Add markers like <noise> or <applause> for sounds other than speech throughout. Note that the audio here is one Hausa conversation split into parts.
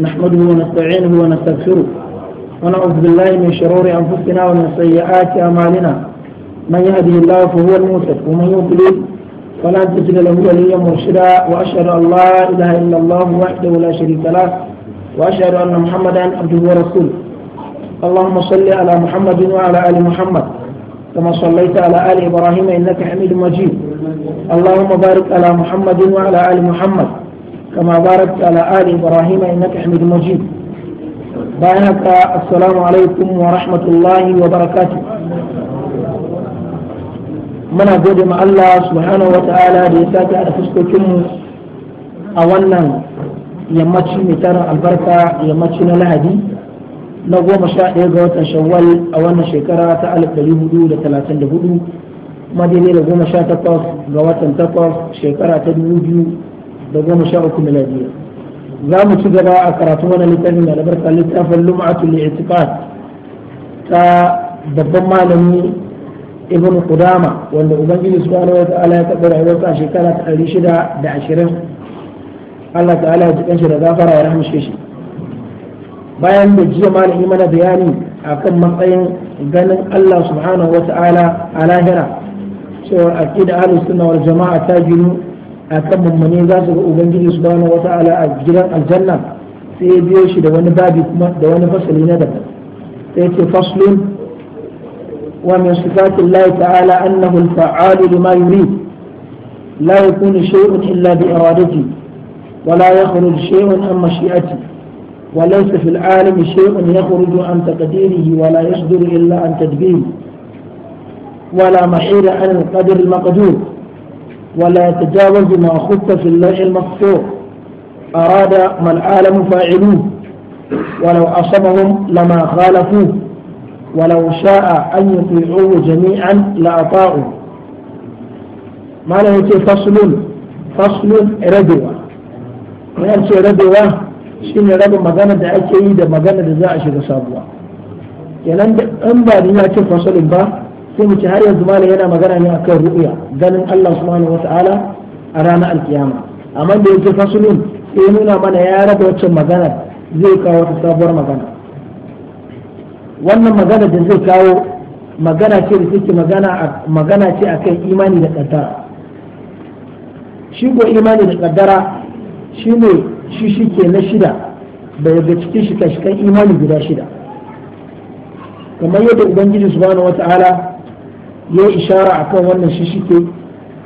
نحمده ونستعينه ونستغفره ونعوذ بالله من شرور أنفسنا ومن سيئات أعمالنا من يهده الله فهو المهتد ومن يضلل فلا تجد له وليا مرشدا وأشهد أن لا إله إلا الله وحده لا شريك له وأشهد أن محمدا عبده ورسوله اللهم صل على محمد وعلى آل محمد كما صليت على آل إبراهيم إنك حميد مجيد اللهم بارك على محمد وعلى آل محمد كما باركت على آل إبراهيم إنك حميد مجيد بارك السلام عليكم ورحمة الله وبركاته muna gode ma Allah subhanahu wata ala da ya sake a mu. a wannan yammaci mai tarin albarka yammaci na lahadi na goma sha ɗaya ga watan shawwal a wannan shekara ta alif goma sha ga da goma sha uku miladiya za mu ci gaba a karatun wani littafin da albarka littafin lum'atul i'tiqad ta babban malami ibn qudama wanda ubangiji subhanahu wa ya taɓa rayuwarsa a shekara ta ɗari shida da ashirin Allah ta'ala ya jikan shi da gafara ya rahmishe shi bayan da jiya malami mana bayani akan matsayin ganin Allah subhanahu wa ta'ala a lahira cewa aqida ahlus sunna wal jama'a ta ginu a kan mummune za su ga ubangiji wata ala a gidan aljanna sai ya biyo shi da wani babi kuma da wani fasali na daban sai ce faslun wa min sifatillahi ta'ala annahu al-fa'alu lima yurid la yakunu shay'un illa bi iradati wa la yakhruju shay'un an mashi'ati wa laysa fil alami shay'un yakhruju an taqdirihi wa la yasduru illa an tadbiri ولا محيل عن القدر المقدور ولا تجاوز ما خط في اللوح المقصور أراد ما العالم فاعلوه ولو أصبهم لما خالفوه ولو شاء أن يطيعوه جميعا لأطاعوا ما له فصل فصل ردوة ما يمشي ردوة شين ردوة مغانا دعا كيدا مغانا دعا magana da za a shiga sabuwa kenan sai mu ci har yanzu malam yana magana ne akan ru'ya ganin Allah subhanahu wata'ala a ranar alkiyama amma da yake fasulun sai nuna mana ya raba wacce magana zai kawo wata sabuwar magana wannan magana da zai kawo magana ce da take magana magana ce akan imani da kaddara shi ko imani da kaddara ne shi shike na shida daga cikin kashi kan imani guda shida kamar yadda ubangiji subhanahu wata'ala ya ishara akan wannan shike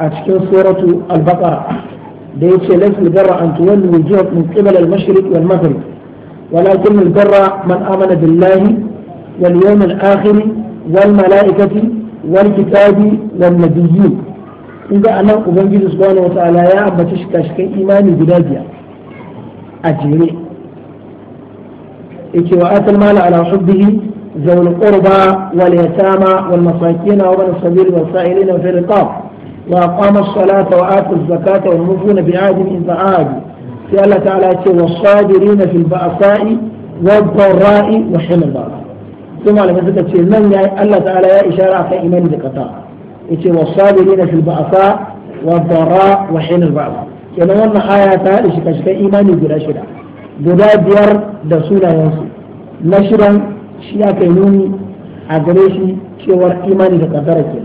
a cikin suratu al-baqara da yace laysa barra an tuwallu wujuhakum min qibal al-mashriq wal maghrib walakin al-barra man amana billahi wal yawm al-akhir wal malaikati wal kitabi wan nabiyyin inda anan ubangiji subhanahu wataala ya ambaci shikashikan imani guda biyar a jere yake wa atal mala ala hubbihi ذوي القربى واليتامى والمساكين وابن السبيل والسائلين وفي الرقاب وأقام الصلاة وآتوا الزكاة والموفون بعهدهم إذا عادوا في الله تعالى والصابرين في البأساء والضراء وحين البأس ثم على مسكة في من الله تعالى يا إشارة في إيمان ذكتا والصابرين في البأساء والضراء وحين البأس كما أن آية تعالى كإيمان شكا إيماني بلا رسول بلا ديار نشرا shi aka nuni a gare shi cewar imani da kaddara ke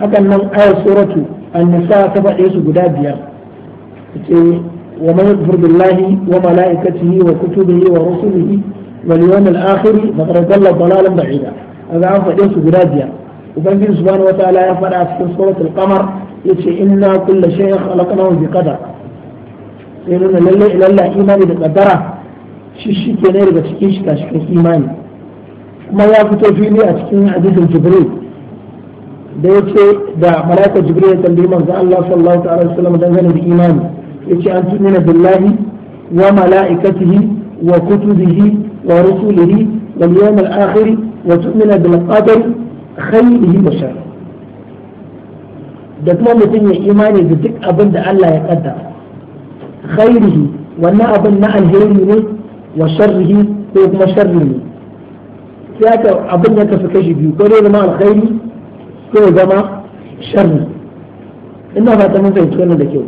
hakan nan ayar suratu an-nisa ta faɗe su guda biyar ce wa man yakfur billahi wa malaikatihi wa kutubihi wa rusulihi wal yawmil akhir faqad dalla dalalan ba'ida kaga an faɗe su guda biyar ubangiji subhanahu wataala ya faɗa a cikin suratul qamar yace inna kulla shay'in khalaqnahu bi qadar sai nuna lalle ilalla imani da kaddara shi shi ne daga cikin shi cikin imani kuma ya fito fili a cikin hadisin jibril da ya ce da malaikar jibril ya tambayi manzo Allah sallallahu alaihi wasallam dangane da imani yace an tumina billahi wa malaikatihi wa kutubihi wa rusulihi wal yawmil akhir wa tu'mina bil qadari khayrihi wa sharrihi da kuma mutum ya imani da duk abin da Allah ya kaddara khairihi wannan abin na alheri ne wa sharrihi ko kuma sharri ne sai aka abin ya kasu kashi biyu ko dai zama alkhairi ko ya zama sharri ina fata mun wannan da kyau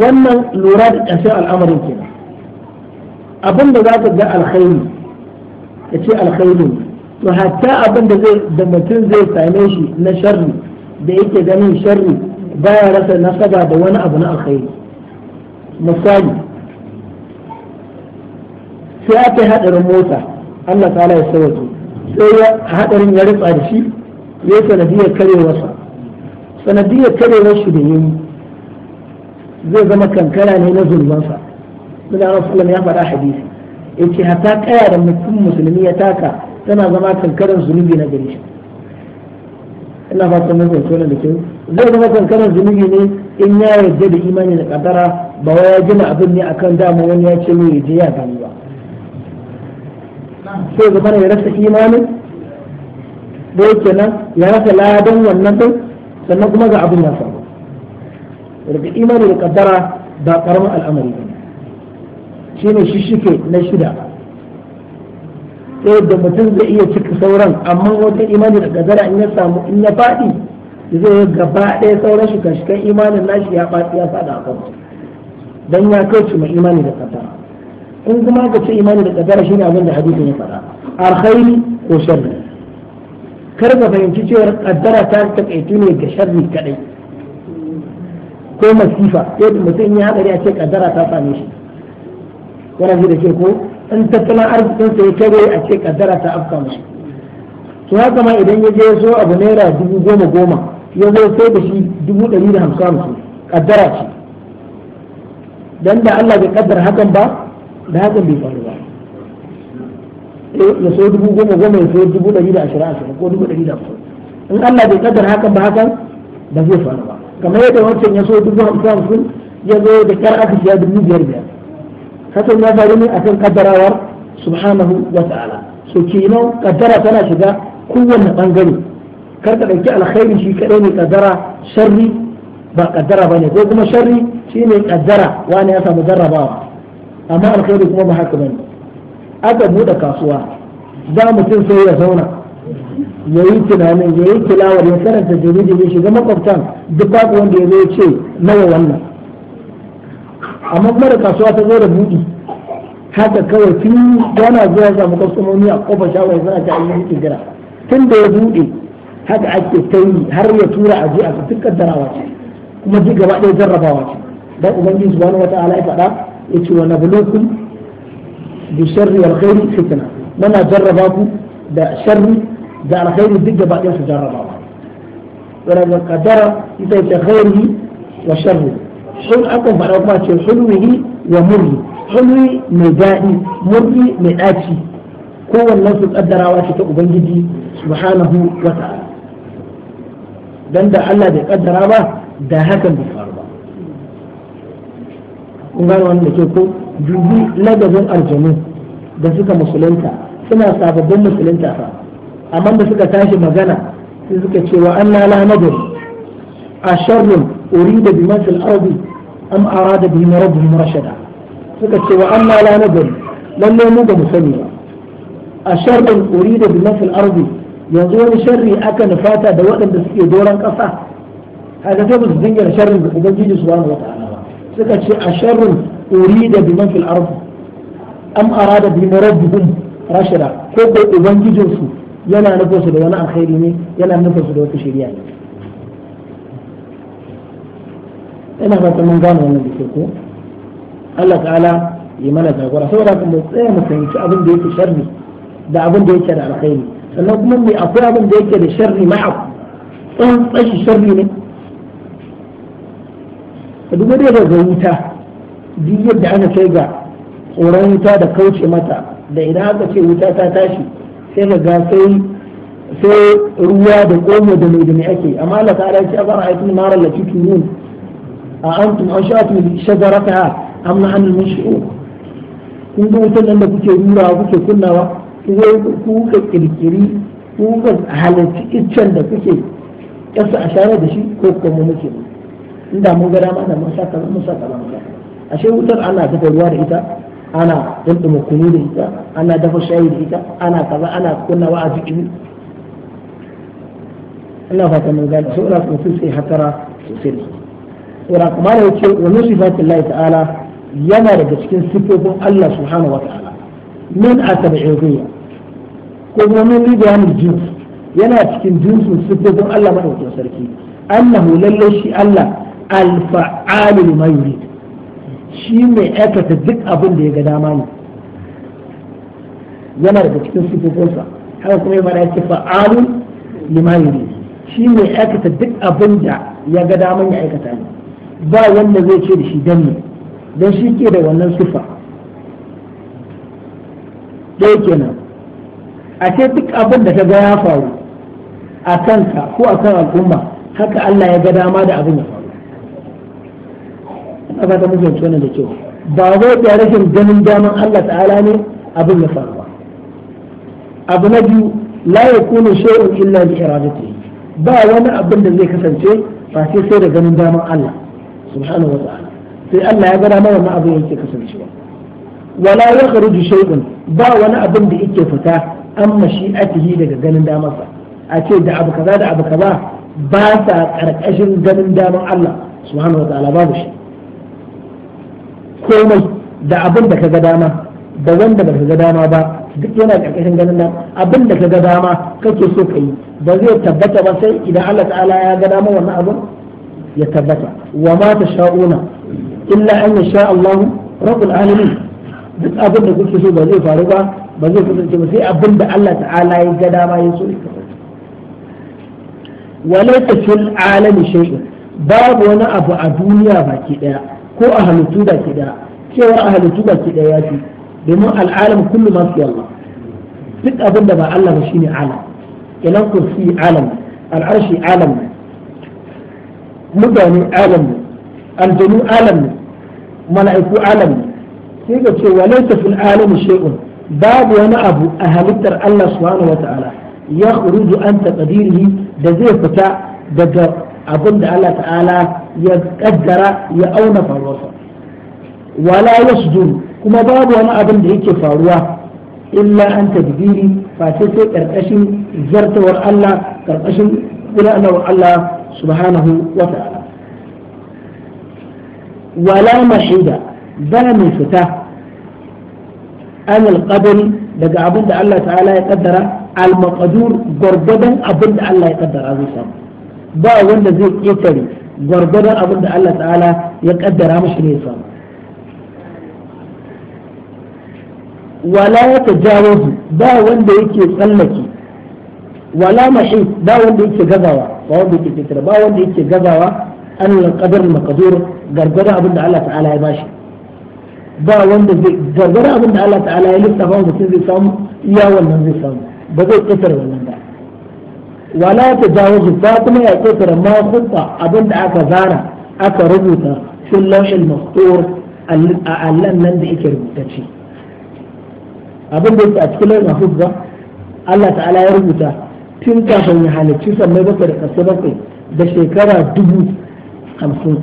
wannan lura da ƙarshen al'amarin kenan abin da za ka ga alkhairi ya ce alkhairi to hatta abin da zai da mutum zai same shi na sharri da yake ganin sharri baya rasa nasaba da wani abu na alkhairi misali sai aka hadarin mota Allah ta'ala ya sauke sai ya hadarin ya rufa da shi ya sanadiyar karewarsa sanadiyar karewar shi da yayi zai zama kankara ne na zulmansa bin Allah ya faɗa hadisi yace hatta kaya da mutum musulmi ya taka tana zama kankaran zunubi na gare shi ina fatan mun fahimci wannan da kyau zai zama kankaran zunubi ne in ya yarda da imani da kadara ba wai ya gina abin ne akan dama wani ya ce mai ya je ya gani ba sai bana ya rasa imanin da yake nan ya rasa ladan wannan din sannan kuma ga abin ya faru daga imani da kaddara ba karamin al'amari ba shine shishike na shida sai da mutum zai iya cika sauran amma wata imani da kaddara in ya samu in ya faɗi zai yi gaba ɗaya sauran shi shikan imanin nashi ya faɗi ya faɗa a kan don ya kauce mai imani da kaddara in kuma aka ce imani da kaddara shine abin da hadisin ya faɗa alkhairi ko sharri kar ka fahimci cewar kaddara ta takaitu ne ga sharri kadai ko masifa yadda mutum ya hadari a ce kaddara ta same shi shi da ke ko in tattalin arzikin sa ya kare a ce kaddara ta afka mashi to haka ma idan ya je ya so abu naira dubu goma goma ya zo sai da shi dubu ɗari da hamsin hamsin kaddara ce dan da Allah bai kaddara hakan ba da hakan bai faru ba ya eh, so dubu goma goma ya so dubu ɗari da ashirin ashirin ko dubu ɗari da ashirin in Allah bai kaddar hakan ba hakan ba zai faru ba kamar yadda wancan ya so dubu hamsin hamsin ya zo da kyar aka siya dubu biyar biyar hakan ya faru ne kan kaddarawar subhanahu wa ta'ala so kenan kaddara tana shiga kowanne bangare kar ka ɗauki alkhairi shi kaɗai ne kaddara sharri ba kaddara ba ne ko kuma sharri shi ne kaddara wani ya samu jarrabawa amma alkhairi kuma ba haka bane aka buɗe kasuwa za mutum sai ya zauna ya yi tunanin ya yi tilawar ya karanta jaridi ya shiga makwabtan duk babu wanda ya zo ce nawa wannan amma kuma da kasuwa ta zo da buɗi haka kawai tun yana zuwa samu kwastomomi a kofa shawar suna ta ayyukan hijira tun da ya buɗe haka ake ta yi har ya tura a ji a duk kaddarawa ce kuma duk gaba ɗaya jarrabawa ce dan ubangiji subhanahu wataala ya faɗa yace wa nabluukum bi sharri wal khairi fitna mana jarraba ku da sharri da alkhairi duk gaba ɗaya su jarraba ku wala qadara ita ce khairi wa sharri sun akan faɗa kuma ce hulwihi wa murri hulwi mai daɗi murri mai ɗaci kowannen su ƙaddarawa ce ta ubangiji subhanahu wa ta'ala dan da Allah bai ƙaddara ba da hakan bai faru kun gane da ke ko dubi ladabin aljanu da suka musulunta suna sababbin musulunta fa amma da suka tashi magana sai suka ce wa anna la nadur a sharrun urida bi masil ardi am arada bi rabbuhum rashada suka ce wa anna la nadur lalle mu ba mu sani ba a sharrun urida bi masal ardi yanzu wani sharri aka nufata da waɗanda suke doron ƙasa haka sai ba su dinga sharrin da ubangiji subhanahu wataala ba suka ce a sharrun urida bi man fil ardi am arada bi rabbuhum rashada ko ko ubangijinsu yana nufin su da wani alkhairi ne yana nufin su da wata shari'a ne ina fata mun gane wannan da ko Allah ta'ala yi mana jagora saboda kun da tsaya mu fahimci abin da yake sharri da abin da yake da alkhairi sannan kuma mai akwai abin da yake da sharri ma'a tsan tsashi sharri ne duk duba dai ga wuta duk yadda aka kai ga tsoron wuta da kauce mata da idan aka ce wuta ta tashi sai ga sai sai ruwa da komo da mai da mai ake amma Allah ta ce a fara aikin mara lati turun a antum an sha'atu shajarata amma an mushu kun ga wutan nan da kuke rurawa kuke kunnawa ku ka kirkiri ku halarci iccen da kuke kasa a share da shi ko kuma muke in da mu ga dama da mun saka mun saka mun saka ashe wutar ana dafa ruwa da ita ana dindima kunu da ita ana dafa shayi da ita ana kaza ana kunnawa a jikin ina fata mun gane so ina mutum sai hatara sosai da ira kuma da yake wa min sifatillahi ta'ala yana daga cikin sifofin Allah subhanahu wa ta'ala min atabi'iyya ko kuma min libanin jins yana cikin jinsin sifofin Allah madaukakin sarki annahu lallai shi Allah alfa'alu lima yurid shi mai aikata duk abin da ya ga dama ne yana daga cikin sifofinsa haka kuma yana yake fa'alu lima yurid shi mai aikata duk abin da ya ga dama ya aikata ne ba wanda zai ce da shi dan ne dan shi ke da wannan sifa dai kenan a ce duk abin da ta ga ya faru a kanka ko a kan al'umma haka Allah ya ga dama da abin ya faru ina ba ta mijinci wannan da kyau ba zai da rashin ganin daman Allah ta'ala ne abin ya faru ba abu na biyu la yakunu shay'un illa bi iradatihi ba wani abin da zai kasance ba sai sai da ganin daman Allah subhanahu wa ta'ala sai Allah ya ga dama wannan abin yake kasancewa wala yakhruju shay'un ba wani abin da yake fita an mashi'atihi daga ganin daman damansa a ce da abu kaza da abu kaza ba sa karkashin ganin daman Allah subhanahu wa ta'ala babu shi komai da abin da ka ga dama da wanda ba ka ga dama ba duk yana ƙarƙashin ganin nan abin da ka ga dama kake so ka yi ba zai tabbata ba sai idan Allah ta'ala ya ga dama wannan abin ya tabbata wa ma ta sha'una illa an ya sha Allahu rabbul alamin duk abin da kuke so ba zai faru ba ba zai kasance ba sai abin da Allah ta'ala ya ga dama ya so ya kasance walaysa fil alami shay'un babu wani abu a duniya baki daya ko a halittu da ke daya cewar a halittu da ke daya ya fi domin al'alam kullum ma fi Allah duk abin da ba Allah ba shine alam ilan kursi alam al'arshi alam ne mutane alam ne aljanu alam ne mala'iku alam ne sai ka ce walaysa fil alami shay'un babu wani abu a halittar Allah subhanahu ta'ala ya khuruju an taqdirihi da zai fita daga abin da Allah ta'ala ya kaddara ya auna faruwa wala yasdur kuma babu wani abin da yake faruwa illa an tadbiri face sai karkashin zartawar Allah karkashin gudanarwar Allah subhanahu wa ta'ala wala mahida ba mai fita an alqadari daga abin da Allah ta'ala ya kaddara al-maqdur gwargwadon abin da Allah ya kaddara zai samu ba wanda zai ƙetare gwargwadon abin da Allah ta'ala ya ƙaddara mashi ne samu wala ya tajawazu ba wanda yake tsallake wala mashi ba wanda yake gazawa ba wanda yake ƙetare ba wanda yake gazawa an qadar maqdur gargara abin da Allah ta'ala ya bashi ba wanda zai gargara abin da Allah ta'ala ya lissafa mutum zai samu iya wannan zai samu ba zai ƙetare wannan ba wala ta jawo ba kuma ya ƙetare ma hutta abin aka zara aka rubuta fil lawhil mastur a allan nan da yake rubutacce abin da yake a cikin lawhil mahfuz Allah ta'ala ya rubuta tun kafin ya halicci sammai bakwai da kasu bakwai da shekara dubu hamsin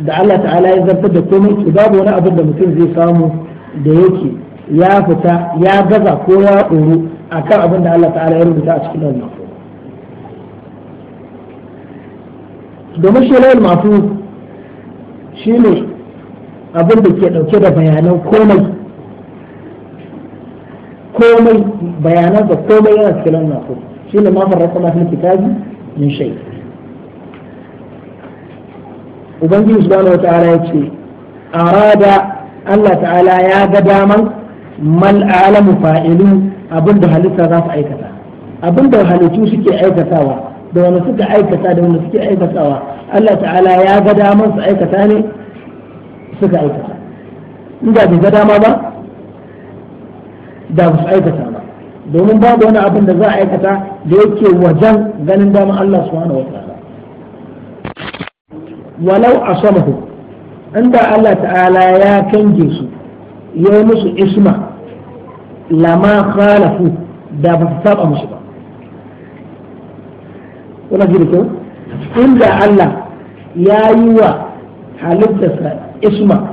da Allah ta'ala ya zartar da komai babu wani abin da mutum zai samu da yake ya fita ya gaza ko ya tsoro akan abin da Allah ta'ala ya rubuta a cikin wannan domin shi lawal mafu shi ne abin da ke ɗauke da bayanan komai komai bayanan da komai yana cikin wannan mafu shi ne mafar rakama fil kitabi min shai ubangiji subhanahu wa ta'ala ya ce arada Allah ta'ala ya ga daman mal alamu fa'ilu abinda halitta za su aikata abinda halittu suke aikatawa da wani suka aikata da wani suke aikatawa Allah ta'ala ya ga damar su aikata ne suka aikata in inda bai ga dama ba da ba su aikata ba domin babu wani abin da za a aikata da yake wajen ganin damar Allah subhanahu wa ta'ala walau asamahu inda Allah ta'ala ya kange su ya yi musu isma lama khalafu da ba su saba musu ba wannan shi da kyau inda Allah ya yi wa halittarsa isma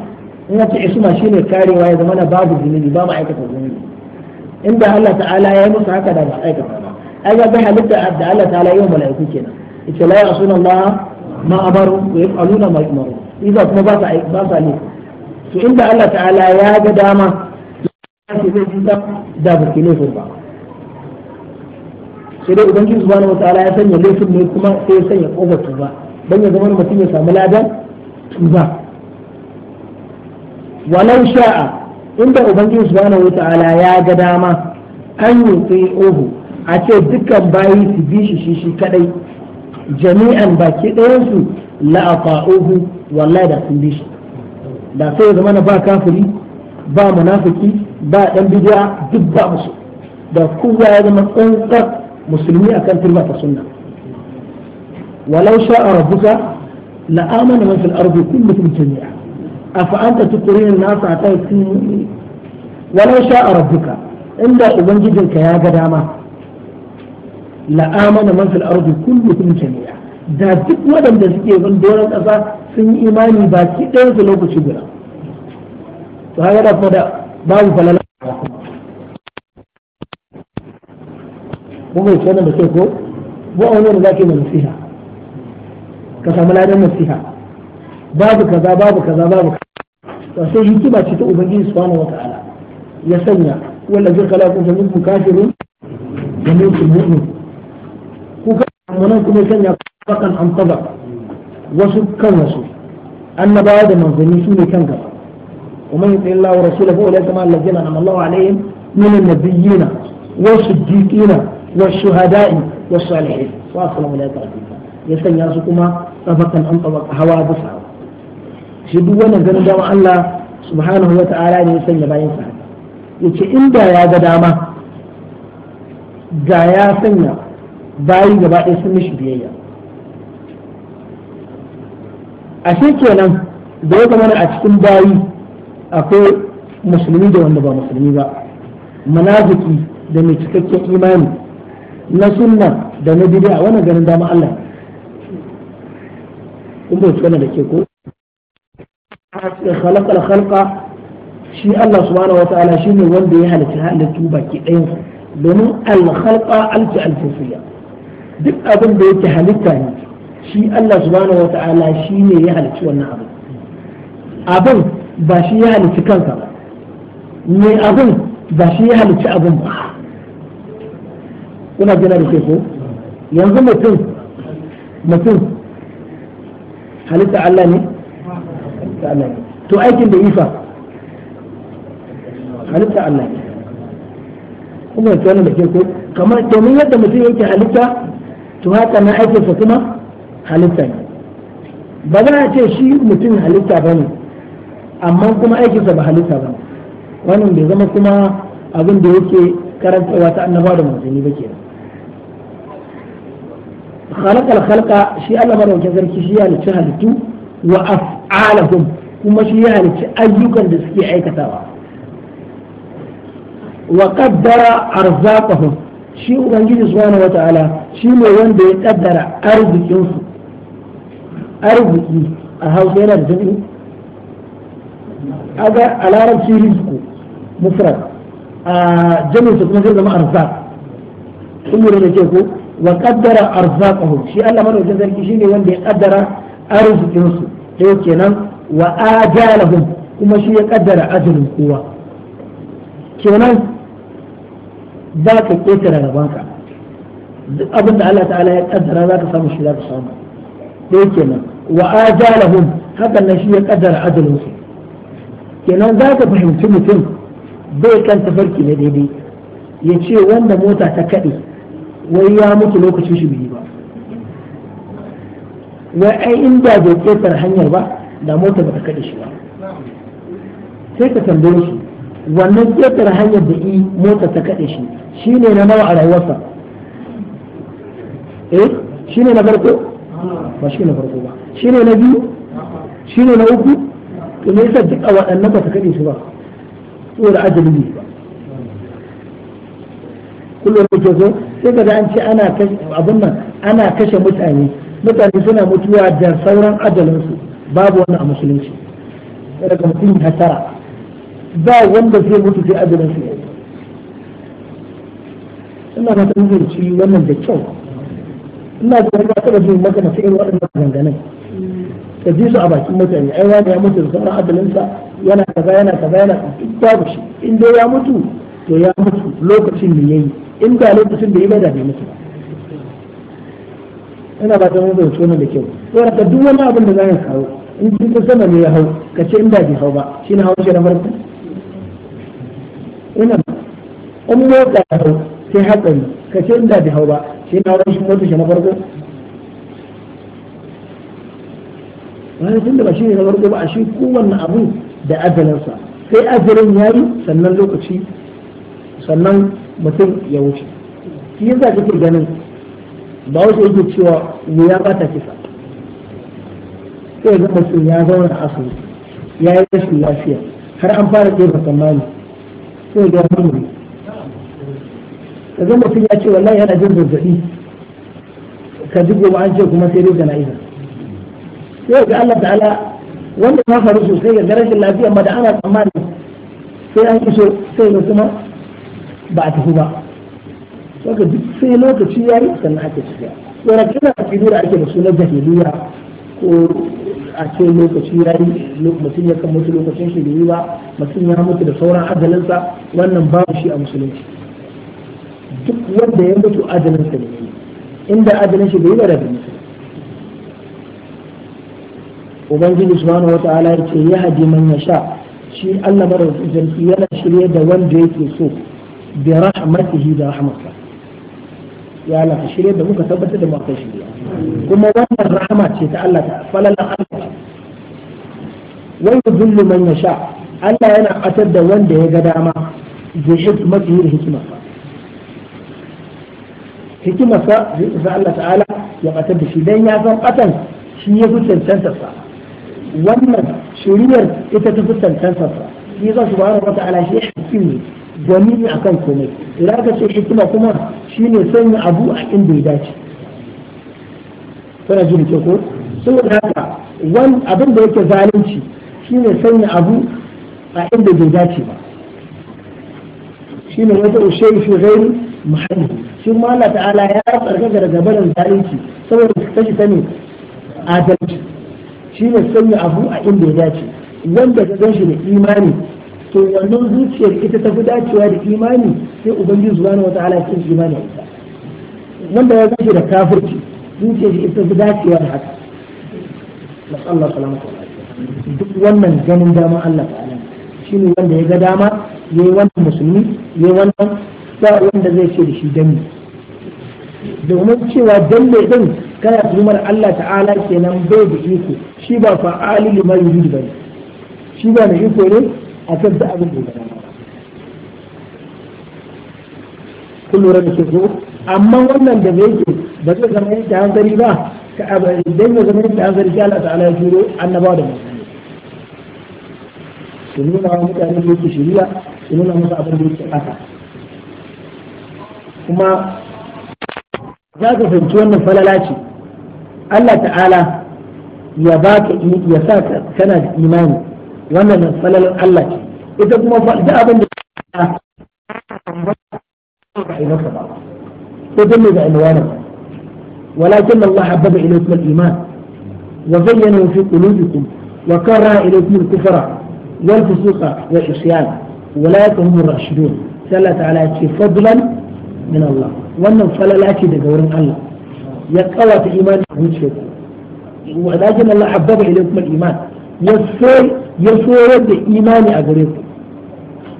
in ce isma shine karewa ya zama na babu zunubi ba ma'aikata zunubi inda Allah ta'ala ya yi musu haka da ba aikata ba ai ga ga halitta da Allah ta'ala yi wa mala'iku kenan ita la ya'suna Allah ma amaru wa yaf'aluna ma yu'maru idan kuma ba sa ba sa ne to inda Allah ta'ala ya ga dama da ba ki laifin ba sai dai ubangiji subhanahu wataala ya sanya laifin ne kuma sai ya sanya kofar tuba dan ya zama mutum ya samu ladan tuba walau sha'a inda ubangiji subhanahu wataala ya ga dama an yi tsaye a ce dukkan bayi su bi shi shi shi kadai jami'an baki ɗayansu la'afa'uhu wallahi da sun bi shi da sai ya zama na ba kafiri ba munafiki ba dan bid'a duk ba musu da kowa ya zama tsantsar musulmi akan turba ta sunna walau sha'a rabbuka la amana man fil ardi kullukum jami'a afa anta tukrinu an-nasa hatta yakunu walau sha'a rabbuka inda ubangijinka ya ga dama la amana man fil ardi kullukum jami'a da duk waɗanda suke zan doron ƙasa sun yi imani ba ki ɗaya su lokaci guda to haka da kuma da babu falala kuma yace da ke ko ba wani da ke mai nasiha ka samu ladan nasiha babu kaza babu kaza babu kaza sai hikima ce ta ubangiji subhanahu wataala ya sanya wallazi khalaqakum fa minkum kafirun wa minkum mu'min ku ka nan kuma sanya tabaqan an tabaqa wasu kan wasu annabawa da manzanni su ne kan gaba ومن يطع الله ورسوله فاولئك مع الذين انعم الله عليهم من النبيين والصديقين والشهداء والصالحين واصلهم الى ترتيبا يسن ياسو طبقا ان طبق هوا بسا shi duk wannan ganin dama Allah subhanahu wa ta'ala ne ya sanya bayan sa yace da ya ga dama ga ya sanya bayi gaba sun mishi biyayya ashe kenan da ya zama a cikin bayi akwai musulmi da wanda ba musulmi ba munafiki da mai cikakken imani na sunna da na bid'a wannan ganin dama Allah kun bai tsona da ke ko khalaqal khalqa shi Allah subhanahu wataala shine wanda ya halitta halittu baki ɗayan su domin al khalqa al duk abin da yake halitta ne shi Allah subhanahu wata'ala shi ne ya halicci wannan abu abin ba shi ya halicci kansa ba ne abin ba shi ya halicci abin ba kuna jira da ko yanzu mutum mutum halitta Allah ne to aikin da ifa halitta Allah ne kuma ya tsanin da ke ko kamar domin yadda mutum yake halitta to haka na aikinsa kuma halitta ne ba za a ce shi mutum halitta ba ne amma kuma aikinsa ba halitta ba wannan bai zama kuma abin da yake karantawa ta annaba da manzanni ba ke khalaqal khalqa shi Allah madaukakin sarki shi ya halitta halittu wa af'alahum kuma shi ya halitta ayyukan da suke aikatawa wa qaddara arzakahu shi ubangiji subhanahu wata'ala shi ne wanda ya kaddara arzikinsu arziki a hausa yana da jami'i aga a larabci rizku mufrad a jami'in su kuma zai zama arzak sun lura da ke ko wa kaddara arzaqahu shi Allah madaukakin sarki shi ne wanda ya kaddara arzikin su yau kenan wa ajalahum kuma shi ya kaddara ajalin kowa kenan za ka ƙetare gabanka duk abin da Allah ta'ala ya kaddara za ka samu shi za ka samu ɗaya kenan wa ajalahum hakan nan shi ya kaddara ajalin su kenan za ka fahimci mutum bai kan tafarki na daidai ya ce wanda mota ta kaɗe wai ya mutu lokacin shi biyu ba wai ai inda bai ƙetar hanyar ba da mota ba ta kaɗe shi ba sai ka tambaye shi wannan ƙetar hanyar da i mota ta kaɗe shi shine na nawa a rayuwarsa eh shi ne na farko ba shi na farko ba shi ne na biyu shi ne na uku to me yasa duk a waɗannan ba ta kaɗe su ba saboda ajali ne ba kullum da ke so sai ka an ce ana kashe abin nan ana kashe mutane mutane suna mutuwa da sauran ajalinsu babu wannan a musulunci daga mutum hasara tara ba wanda zai mutu sai ajalinsu ina fata mun ci wannan da kyau ina da wani kasa da jin maka masu irin waɗannan maganganun ka ji su a bakin mutane ai wani ya mutu da sauran adalinsa yana kaza yana kaza yana duk babu shi in ya mutu to ya mutu lokacin da yayi in da lokacin da ya bada bai mutu ina ba ta mutu da da kyau saboda ka duk wani abin da za kawo in ji ta sama ne ya hau ka ce in da bai hau ba shi na hau shi na farko ina in mota ya hau sai hatsari ka ce in da bai hau ba shi na wurin shi kotu shi na farko wani tun da ba shi ne na farko ba a shi kowanne abu da ajalinsa sai ajalin ya yi sannan lokaci sannan mutum ya wuce shi yasa kake ganin ba wasu yake cewa wuya ba ta kisa sai ga mutum ya zauna a asali ya yi rashin lafiya har an fara ɗaya tsammani sai ga hamuri ka ga mutum ya ce wallahi yana jin zazzabi ka ji gobe an ce kuma sai dai jana'iza sai ga Allah ta'ala wanda ya faru sosai ga rashin lafiya ma da ana tsammani sai an iso sai ga kuma ba a tafi ba saka duk sai lokaci ya yi sannan ake shiga yana kina a kidu da ake da sunan jahiliya ko a ce lokaci ya yi mutum ya kan mutu lokacin shi da yi ba mutum ya mutu da sauran ajalinsa wannan babu shi a musulunci duk wanda ya mutu ajalin sa ne inda ajalin shi bai da da mutu ubangiji subhanahu wata'ala ya ce ya hadi man ya sha shi Allah madaukakin sarki yana shirye da wanda yake so bi rahmatihi da rahmatsa ya Allah ka shirye da muka tabbatar da mu akan shirya kuma wannan rahama ce ta Allah ta falalan Allah wa yudhillu man yasha Allah yana atar da wanda ya ga dama bi hikmatihi da hikmatihi hikimarsa zai isa Allah ta'ala ya batar da shi dan ya san batan shi ya fi cancantarsa wannan shiriyar ita ta fi cancantarsa shi ya san subhanahu ta'ala shi hakim ne gwani a akan kome idan ka ce hikima kuma ne sanya abu a inda ya dace kana jin ke ko saboda haka wani abin da yake zalunci ne sanya abu a inda bai dace ba shine wata ushe fi ghairi mahalli shi ma Allah ta'ala ya tsarkaka daga barin zalunci saboda su kashi sani adalci shi ne sanya abu a inda ya dace wanda ta ganshi shi da imani to wannan zuciyar ita ta fi dacewa da imani sai ubangiji subhanahu wata ya kin imani ita wanda ya ganshi shi da kafirci zuciyar shi ita fi dacewa da haka Allah salamata duk wannan ganin dama Allah ta'ala shi ne wanda ya ga dama yayi wannan musulmi yayi wannan ba wanda zai ce da shi dani domin cewa dalle din kana tuhumar Allah ta'ala kenan bai da iko shi ba fa'ali mai yuri bane shi ba da iko ne a kan da abin da ya kun lura da amma wannan da bai ke ba zai zama yake hankali ba ka abai dan ya zama yake hankali sai Allah ta'ala ya juro annabawa da mutane su nuna wa mutane da yake shiriya su nuna musu abin da yake haka kuma za ka fahimci wannan falala ce Allah ta'ala ya baka ya sa kana da imani wannan falalar Allah ce ita kuma da abin da ba a yi masa ba ko don ne ba a yi wani ba ولكن الله حبب إليكم الإيمان وزينه في قلوبكم وكره إليكم الكفر والفسوق والعصيان ولا هم الراشدون سأل تعالى فضلا من الله wannan falala ce daga wurin Allah ya kawata imani a zuciyar ku wa lakin Allah habbaba ilaykum al-iman ya so ya so da imani a gare ku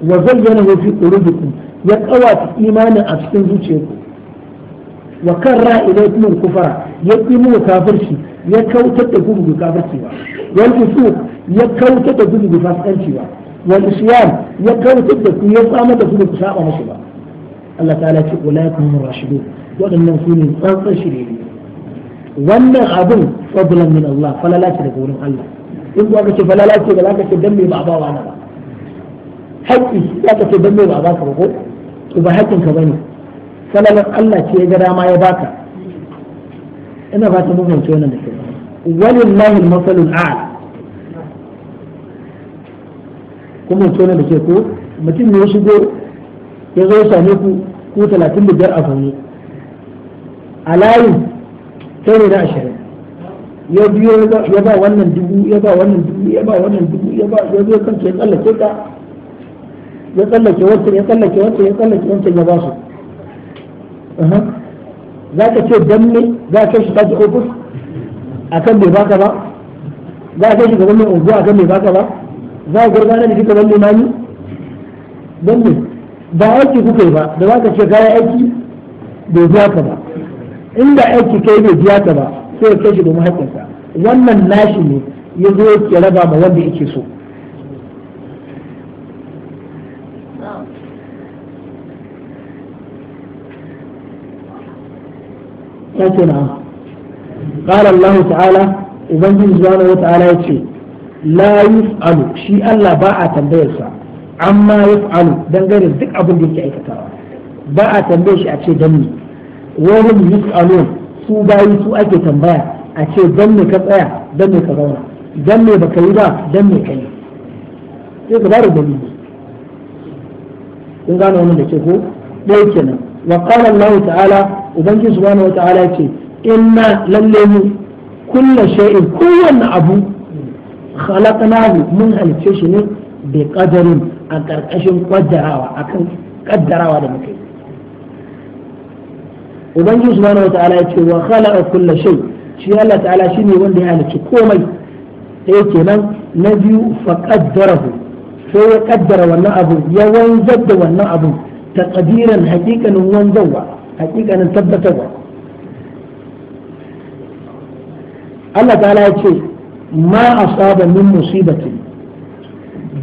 wa zayyana fi qulubikum ya kawata imanin a cikin zuciyar ku wa karra ilaykum al-kufara ya kimu kafirci ya kautar da gudu kafirci ba wal fusuq ya kautar da gudu fasikanci ba wal isyan ya kautar da ku ya tsamar da ku da ku saba musu ba Allah ce waɗannan su ne tsantsan shirye wannan abin fadlan min Allah falala ce daga wurin Allah in ku aka ce falala ce da za ce dan me ba ba wa ba haƙƙi za ce dan me ba ba ka ba ko to ba haƙƙin ka bane falalar Allah ce ya ga dama ya baka ina ba ta mun wannan da ke walillahi al-masalul a'la kuma wannan da ke ko mutum ne ya shigo ya zo ya same ku ku talatin da biyar a zaune a layin kai ne na ashirin ya biyo ya ba wannan dubu ya ba wannan dubu ya ba wannan dubu ya ba ya zo kanka ya tsallake ka ya tsallake wancan ya tsallake wancan ya tsallake wancan ya ba su za ka ce dan ne za ka shi kaji ofis a kan mai baka ba za ka shi gaban mai unguwa a kan mai baka ba za ka gurgana da kika ban mani don ne ba aiki kuka yi ba da za ka ce kaya aiki bai biya ka ba inda aiki kai bai biya ka ba sai ya shi domin haƙƙinka wannan nashi ne ya zo ya raba ma wanda yake so yake na قال الله تعالى وبنجي سبحانه وتعالى يقول لا يفعل شيء الله باع تنبيه amma ya fa'alu dangane da duk abin da yake aikatawa ba a tambaye shi a ce dan me wani yus'alun su bayi su ake tambaya a ce dan ka tsaya dan ka zauna dan ba ka yi ba dan me kai sai ka bada dalili kun gane wani da ke ko ɗaya kenan wa Allah ta'ala ubangiji subhanahu wa ta'ala ce inna lalle mu kullu shay'in kowanne abu khalaqnahu mun halice shi ne bi qadarin a ƙarƙashin ƙaddarawa akan ƙaddarawa da muke ubangiji subhanahu wata'ala ya ce wa khalaqa kulla shay shi Allah ta'ala shine wanda ya halicci komai ɗaya kenan na biyu fa qaddarahu sai ya kaddara wannan abu ya wanzar da wannan abu taqdiran haqiqanin wanzarwa haqiqanin tabbatarwa Allah ta'ala ya ce ma asaba min musibatin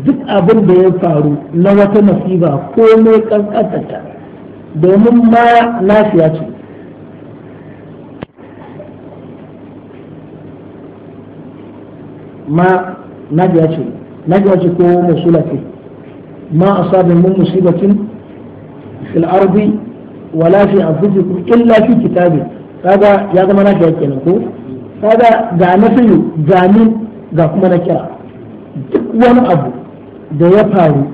duk abin da ya faru na wata nasiba ko mai kankantata domin ma lafiya ce ma najiya ce najiya ce ko musula ce ma asabi min musibatin wa lafi wala fi in lafi fi kitabin kaga ya zama lafiya kenan ko kaga ga nafiyu ga min ga kuma na kira duk wani abu da ya faru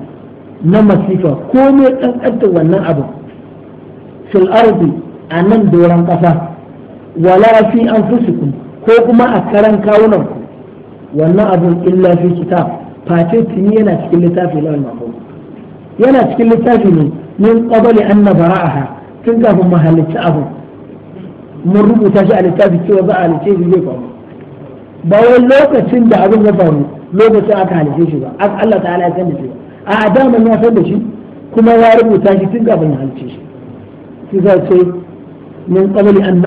na masifa ko ne ƙanƙantar wannan abu fil ardi a nan doron ƙasa wala fi fusikun ko kuma a karan kawunan ku wannan abun illa fi kita face tuni yana cikin littafi lawan mahfuz yana cikin littafi ne min ƙwabali an ha tun kafin mu halicci abu mun rubuta shi a littafi cewa za a halicce shi zai faru ba lokacin da abin ya faru lokacin aka halice shi ba Allah ta'ala ya san da shi a daman ya san da shi kuma ya rubuta shi tun kafin ya halice shi shi za ce min qabli an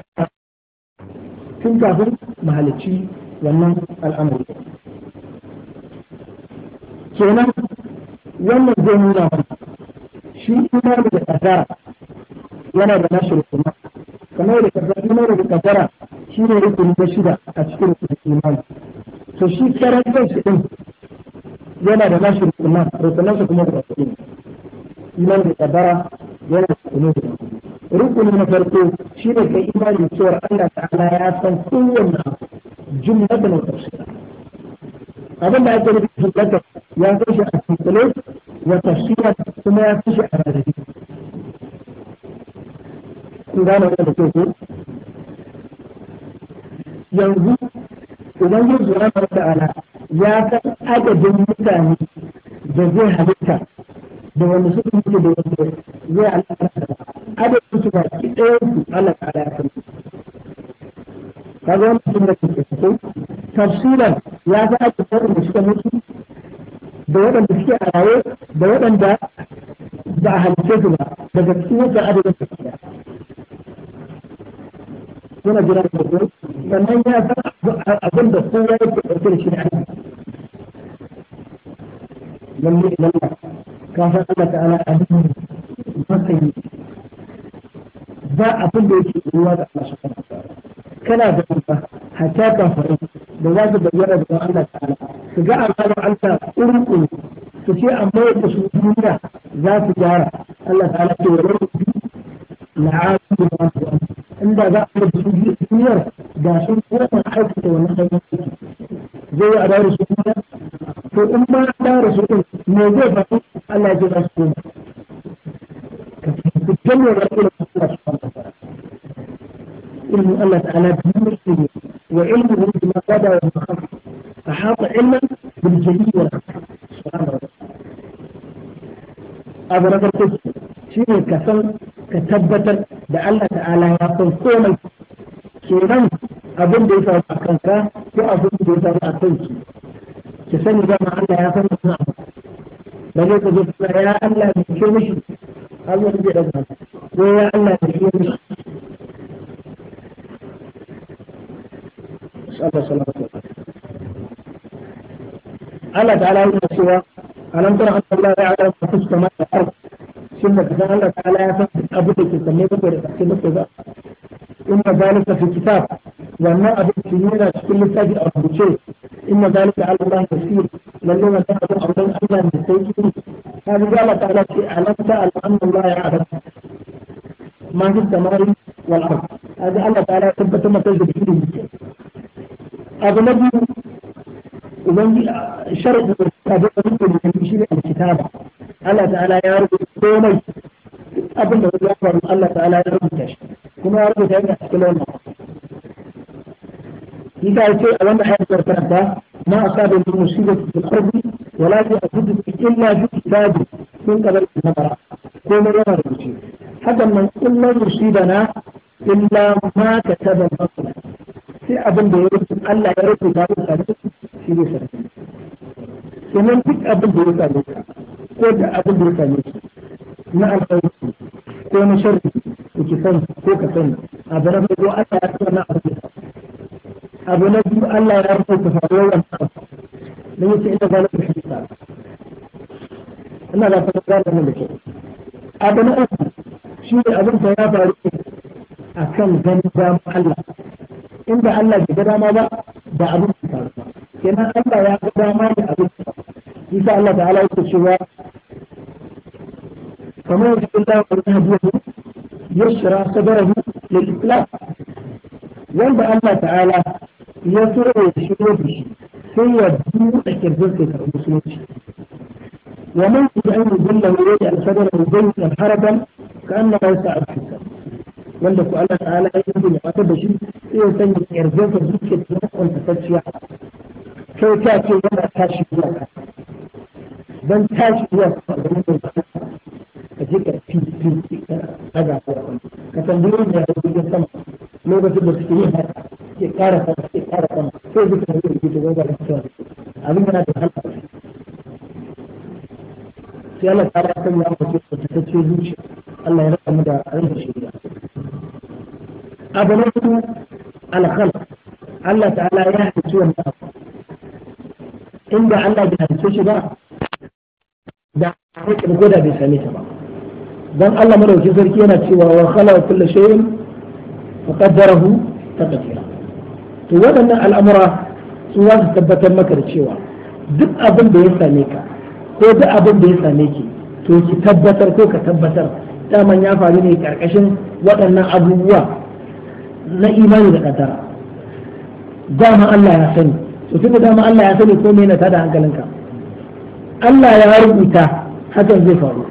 tun kafin mahalici wannan al'amari kenan wannan zai nuna shi kuma da kaddara yana da nashi rukunai kamar da kaza imani da kafara shi ne rukuni na shida a cikin rukunin imani to shi karan kanshi din yana da nashi rukunan rukunan su kuma da kuɗi imani da kafara yana da rukunin guda Rukunin na farko shi ne kai imani cewar Allah ta'ala ya san kowanne da wa tafsira abin da ake nufi jumlatan ya san shi a cikin wa tafsira kuma ya san shi a rarrabe kun gane wannan da ko yanzu ubangiji subhanahu ta'ala ya san adadin mutane da zai halitta da wanda suka mutu da wanda zai halitta adadin su baki ɗayan su ala ta'ala ya san kaga wannan sunna ce ko tafsiran ya san adadin da suka mutu da waɗanda suke a raye da waɗanda ba a halitta su ba daga cikin wannan adadin da suke suna jira da ko sannan ya san abin da yi yake ɗauke da shi da aiki lalle lalle ka san Allah ta'ala a duk matsayi ba abin da yake ruwa da Allah subhanahu wa ta'ala kana da ba hatta ka faru da za su bayyana da ɗan Allah ta'ala su ga azabar Allah urku su ce amma yadda su duniya za su gyara Allah ta'ala ce wa la'atu wa in da za a da su biyu duniyar da sun koma aikata wani aiki zai yi a dawo su kuma to in ba a dawo su din me zai faru Allah ya ba su koma ka tsaye da ilmin Allah subhanahu wa ilmin Allah ta'ala biyu ne wa ilmin bima qada wa ma khafa ahata ilman bil jalil wa subhanahu wa ta'ala abu na farko shi ne ka san ka tabbatar da Allah ta'ala ya san komai kenan abin da ya faru a kanka ko abin da ya faru a kanki ki sani ba ma Allah ya san wannan abu ba zai ka zo suna ya Allah mai ke mishi Allah zai ɗaga ko ya Allah mai ke mishi Allah ta'ala yana cewa alam tara anna Allah ya'lamu ma fi samawati wal ardh tun da kasan Allah ta'ala ya san abu da ke sanne bakwai da ƙarshe bakwai ba inna zalika fi kitab wannan abu da ke nuna cikin littafi a rubuce inna zalika ala Allah yasir lalle wannan abu a wurin Allah mai sauki ne ta ji Allah ta'ala ce alamta al'amma Allah ya adam ma fi samari wal ard kaji Allah ta'ala ya tabbatar masa da shi abu na biyu idan sharadi da abin da muke da shi ne alkitaba الله تعالى ya rubuta komai abin da ya faru Allah إذا أتي ما أصاب من مصيبة في الأرض ولا يأخذ إلا في من قبل النظرة كل يوم المصيبة حتى من كل يصيبنا إلا ما كتب الله في أبن بيرد ألا يرد دار الأرض في لسانه ومن تك أبن بيرد ko da abin da ya same su na alfarki ko na sharri da ke sani ko ka sani abu na farko Allah ya tsara na abu abu na biyu Allah ya rubuta faruwar wannan abu dan yace inda zalika hadisa ina da fata gane mun da ke abu na uku shi ne abin da ya faru a kan ganin damar Allah inda Allah bai ga dama ba da abin da faru kenan Allah ya ga dama da abin da isa Allah ta'ala yake cewa kamar yadda Allah ya hadiyahu yashra sadarahu lil islam wanda Allah ta'ala ya da shi ne sai ya buɗe kirjin sai karɓi musulunci wa man yaj'alu billahu yaj'al sadarahu bayna haraban ka'annama yas'alu fi sama wanda ku Allah ta'ala ya yi da matar da shi sai ya sanya yarjejin zuciya ta kwanta tacciya kai ta ce yana tashi zuwa don tashi zuwa shugaban kasa ka je ka fi fi daga kuwa ka tambaye da jirgin sama lokacin da suke yin haka suke kara sama suke kara sama sai su kan yi da gobe da cewa abin yana da halka sai Allah ta rasa mu amma ce ta tace zuciya Allah ya rasa mu da ayyuka shirya abu na hudu alkhalq Allah ta'ala ya halicci wannan abu inda Allah bai halicce shi ba da haƙƙin ko da bai same ta ba don Allah madaukakin sarki yana cewa wa khalaqa kulli shay'in fa qaddarahu taqdira to waɗannan al'amura su za su tabbatar maka da cewa duk abin da ya same ka ko duk abin da ya same ki to ki tabbatar ko ka tabbatar daman ya faru ne karkashin waɗannan abubuwa na imani da kaddara dama Allah ya sani to tunda dama Allah ya sani ko me yana tada hankalinka Allah ya rubuta hakan zai faru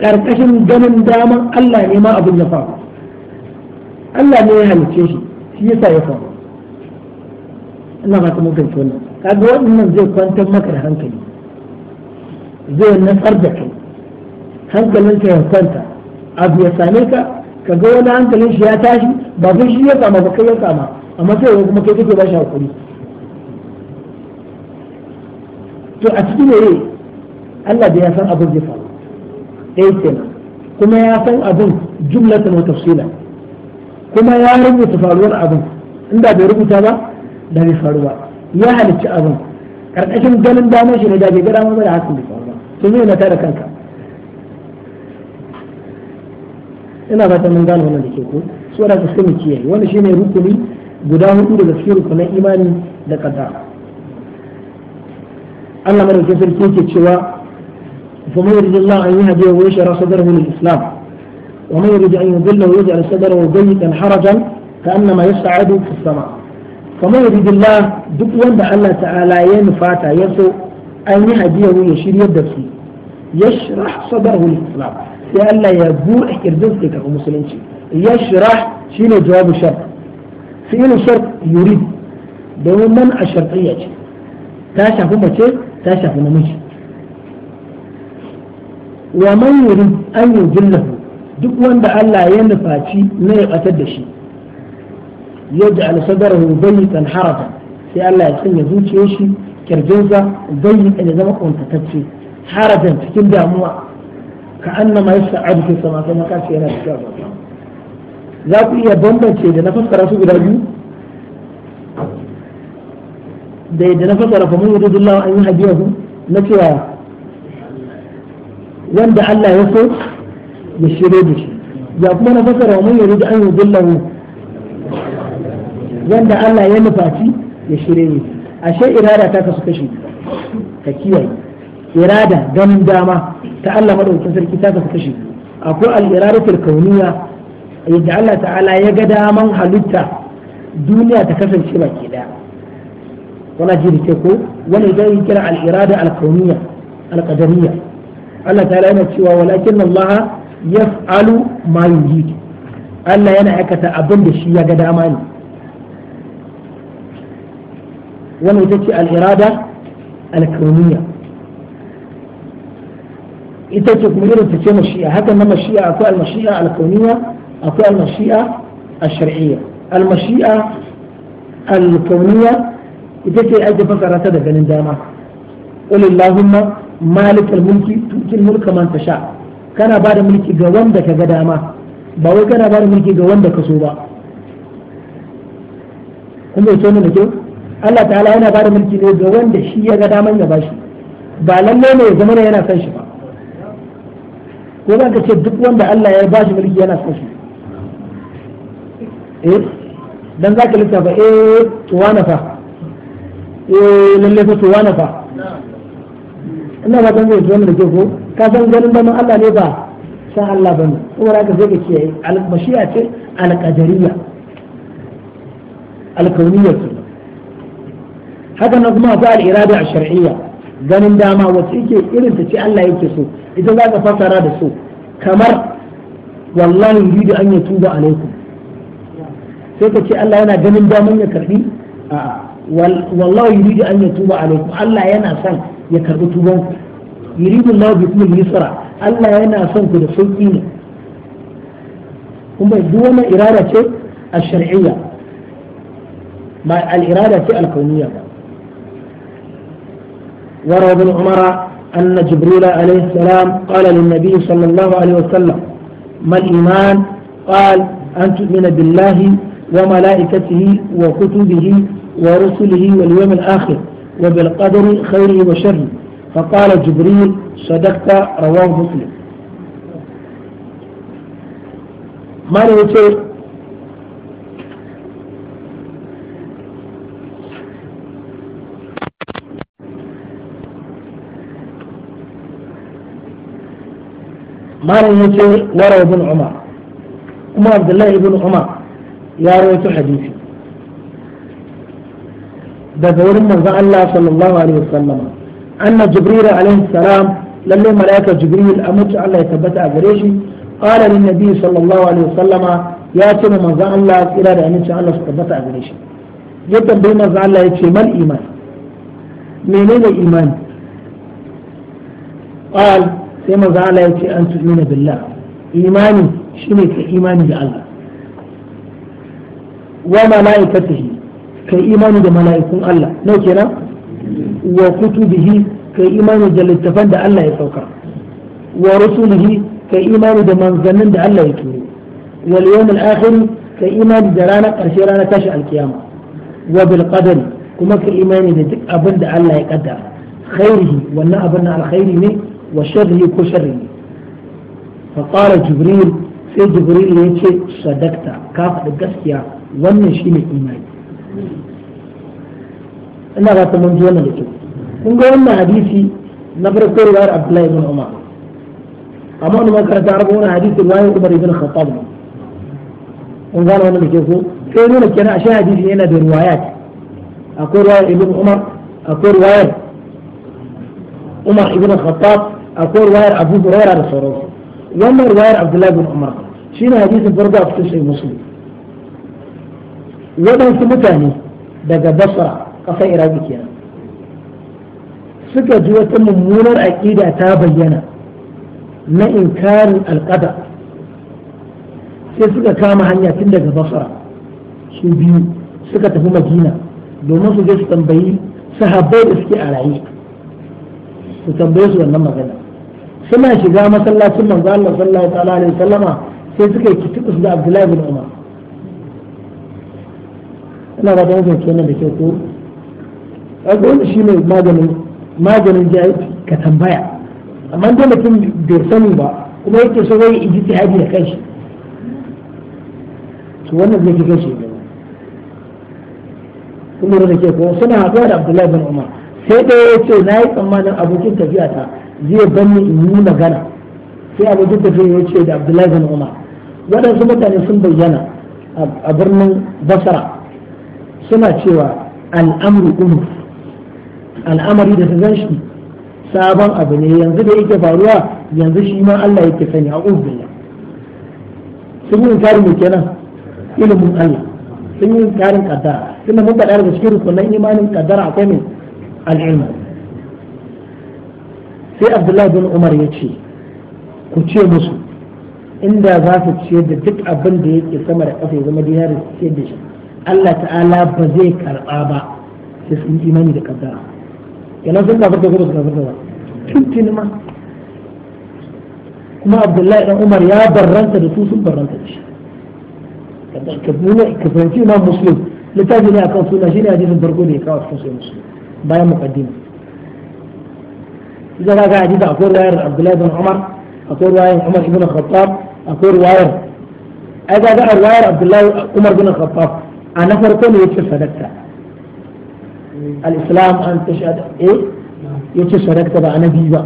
ƙarƙashin ganin daman Allah ne ma abin ya faru Allah ne ya halicce shi shi yasa ya faru Allah ba ta mutunci wannan kaga waɗannan zai kwantar maka da hankali zai nasar da kai hankalin hankalinka ya kwanta abu ya same ka ka ga wani hankalin shi ya tashi ba shi ya kama ba kai ya kama amma sai kuma kai kake ba shi hakuri to a cikin ne Allah da ya san abin zai faru ɗaya kenan kuma ya san abin ta wa tafsila kuma ya rubuta faruwar abin inda bai rubuta ba da bai faru ba ya halicci abin karkashin ganin damar shi ne da bai gara ma da hakan bai faru ba to zai na da kanka ina ba ta mangana wannan da ke ko su da suka mu kiyaye shi ne rukuni guda hudu daga cikin rukunin imani da qadara Allah madaukakin sarki yake cewa fa man yuridillahu an yahdihi wa yashra sadrahu lil islam wa man yurid an yudillahu yaj'al sadrahu dayyiqan harajan ka ka'annama yas'adu fis sama fa man yuridillah duk wanda Allah ta'ala ya nufata ya so an yahdihi ya shiryar da su yashrah sadrahu lil islam sai Allah ya buɗe kirjin sai karɓi musulunci yashrah shine jawabu shart fi'il shart yurid domin man a shartiyya ce ta shafi mace ta shafi namiji wa man yuri an yujillahu duk wanda Allah ya nufaci na ya batar da shi al sadrahu dayyiqan haraka sai Allah ya sanya zuciyar shi kirjinsa dayyiqan ya zama kuntatacce harajan cikin damuwa ka annama yas'adu fi sama kuma kace yana cikin za ku iya bambance da na fassara su guda biyu da yadda na fasara fa mun dillawa an yi yahdiyahu na cewa wanda Allah ya so ya shirye da shi ya kuma na fasara wa mun yurid an yi dillawa wanda Allah ya nufaci ya shirye shi ashe irada ta kasu kashi ka kiyaye irada ganin dama ta Allah madaukakin sarki ta kasu kashi akwai al-iradatul kauniyya yadda Allah ta'ala ya ga daman halitta duniya ta kasance baki daya ولا جيري تيكو ولا جيري كلا على الإرادة الكونية القدرية الله تعالى أنا تشوى ولكن الله يفعل ما يريد الله أنا أكتا أبن بشيء قد أمان ولا جيري الإرادة الكونية إذا تكون مجرد تشوى مشيئة هكذا ما مشيئة أكوى المشيئة الكونية أكوى المشيئة الشرعية المشيئة الكونية ita ce ake fassara da ganin dama qul allahumma malikal mulki tutil mulka man tasha kana bada mulki ga wanda ka ga dama ba wai kana bada mulki ga wanda ka so ba kun bai so da kyau Allah ta'ala yana bada mulki ne ga wanda shi ya ga daman ya bashi ba lalle ne ya zama ne yana son shi ba ko za ka ce duk wanda Allah ya bashi mulki yana son shi eh dan za ka lissafa eh to wani fa eh lalle fa to wani fa ina ba zan zai da ke ko ka san ganin daman Allah ne ba san Allah ba ne saboda haka zai ka kiyaye al-mashi'a ce al-qadariyya al-kauniyya haka nan kuma ta al-irada ash-shar'iyya ganin dama wacce yake irin ta ce Allah yake so ita za ka fasara da so kamar wallahi yuridu an yatuba alaikum sai ka ce Allah yana ganin daman ya karbi a'a والله يريد أن يتوب عليكم الله ينا صن يكرب توبون يريد الله بكم اليسرى الله ينا صن كده سوقيني هم دون إرادة الشرعية مع الإرادة الكونية وروى ابن عمر أن جبريل عليه السلام قال للنبي صلى الله عليه وسلم ما الإيمان قال أن تؤمن بالله وملائكته وكتبه ورسله واليوم الآخر وبالقدر خيره وشره فقال جبريل صدقت رواه مسلم ما نوتي ما نوتي وروى ابن عمر عبد الله ابن عمر يا rawaito حديثي daga wurin manzon Allah sallallahu alaihi wasallam anna jibril alaihi salam lalle malaika jibril amince Allah ya tabbata a gare shi qala lin nabi sallallahu alaihi wasallam ya ce ma manzon Allah tsira da amince Allah ya tabbata a gare shi ya tambayi manzon Allah ya ce mal iman menene imani qal sai manzon Allah ya ce an tu'mina billah imani shine ka imani da Allah wa malaikatihi kai imani da mala'ikun Allah nau kenan wa kutubihi kai imani da littafan da Allah ya sauka wa rasulihi kai imani da manzannin da Allah ya turo wal yawmil akhir kai imani da ranar karshe ranar tashi alkiyama wa bil qadari kuma kai imani da duk abin da Allah ya kaddara khairihi wannan abin na alkhairi ne wa sharri ko sharri ne fa qala jibril sai jibril ya ce sadakta ka faɗi gaskiya wannan shine imani ina ba ta mun ji wannan da kyau kun ga wannan hadisi na farko riwayar Abdullahi ibn Umar amma wani makaranta arba wani hadisi riwayar Umar ibn Khattab ne kun gane wannan da kyau ko sai nuna kenan ashe hadisi yana da riwayat akwai riwayar ibn Umar akwai riwayar Umar ibn Khattab akwai riwayar Abu Hurairah da sauransu wannan riwayar Abdullahi ibn Umar shine hadisin farko a cikin Sahih Muslim waɗansu mutane daga basra ƙasar iraki kenan suka ji wata mummunar aƙida ta bayyana na inkarin alƙada sai suka kama hanya tun daga basra su biyu suka tafi madina domin su je su tambayi sahabbai da suke a raye su tambaye su wannan magana suna shiga masallacin manzo Allah sallallahu alaihi wasallama sai suka yi kitubus da Abdullahi bin Umar ina ba ta mafi wannan da ke ko a wanda shi ne maganin maganin jahil ka tambaya amma dai mutum bai sani ba kuma yake so zai ta hajji da kanshi to wannan zai kai shi ne kuma da ke ko suna haɗuwa da Abdullahi bin Umar sai ɗaya ya ce na yi tsammanin abokin tafiya ta zai ni in yi magana sai abokin tafiya ya ce da Abdullahi bin Umar waɗansu mutane sun bayyana a birnin basara. suna cewa al'amru al'amari da su shi sabon abu ne yanzu da yake faruwa yanzu shi ma Allah yake sani a ubin sun yi karin ke kenan ilimin Allah sun yi inkarin kaddara suna mun faɗa daga cikin rukunan imanin kaddara akwai kwamin al'ilmu sai Abdullahi bin Umar ya ce ku ce musu inda za su ciyar da duk abin da yake sama da ƙasa ya zama dinarin ciyar da shi Allah ta'ala ba zai karɓa ba sai sun imani da kaddara kenan sun kafar da kuma su kafar da tuntuni ma kuma abdullahi dan umar ya barranta da su sun barranta da shi ka fahimci imam muslim littafi ne akan suna shi ne hadisin farko da ya kawo cikin sai muslim bayan muqaddima idan ka ga hadisi akwai riwayar abdullahi bin umar akwai riwayar umar ibn khattab akwai riwayar ai ga riwayar abdullahi umar bin khattab a na farko ne yace sadakta al-islam an A ya yace sadakta ba annabi ba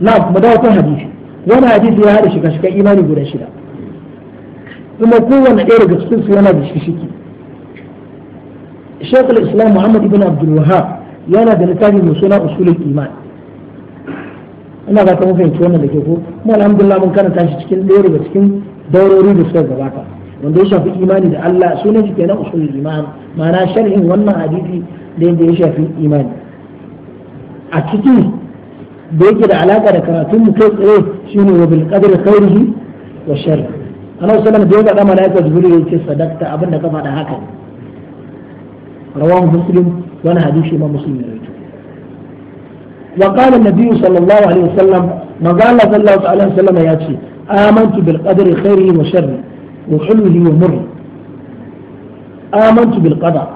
na mu dawo kan hadisi wani hadisi ya hada shiga shiga imani guda shida kuma kowane ɗaya daga cikin su yana da shishiki Sheikh al-Islam Muhammad ibn Abdul Wahhab yana da littafi mai suna usulul iman ina ba ta mu fahimci wannan da ke ko kuma alhamdulillah mun karanta shi cikin ɗaya daga cikin daurori da suka gabata wanda ya shafi imani da Allah sunan shi na usulul iman ma'ana sharhin wannan hadisi da yadda ya shafi imani a cikin da yake da alaka da karatun mu kai tsaye shine wa bil qadri khairihi wa sharri ana sallam da ya ga malaika ya yace sadaqta abinda ka faɗa haka rawahu muslim wani hadisi ma muslim ne rawaito wa qala an-nabi sallallahu alaihi wasallam manzo Allah sallallahu alaihi wasallam ya ce amantu bil qadri khairihi wa sharri وحلوه ومره آمنت بالقدر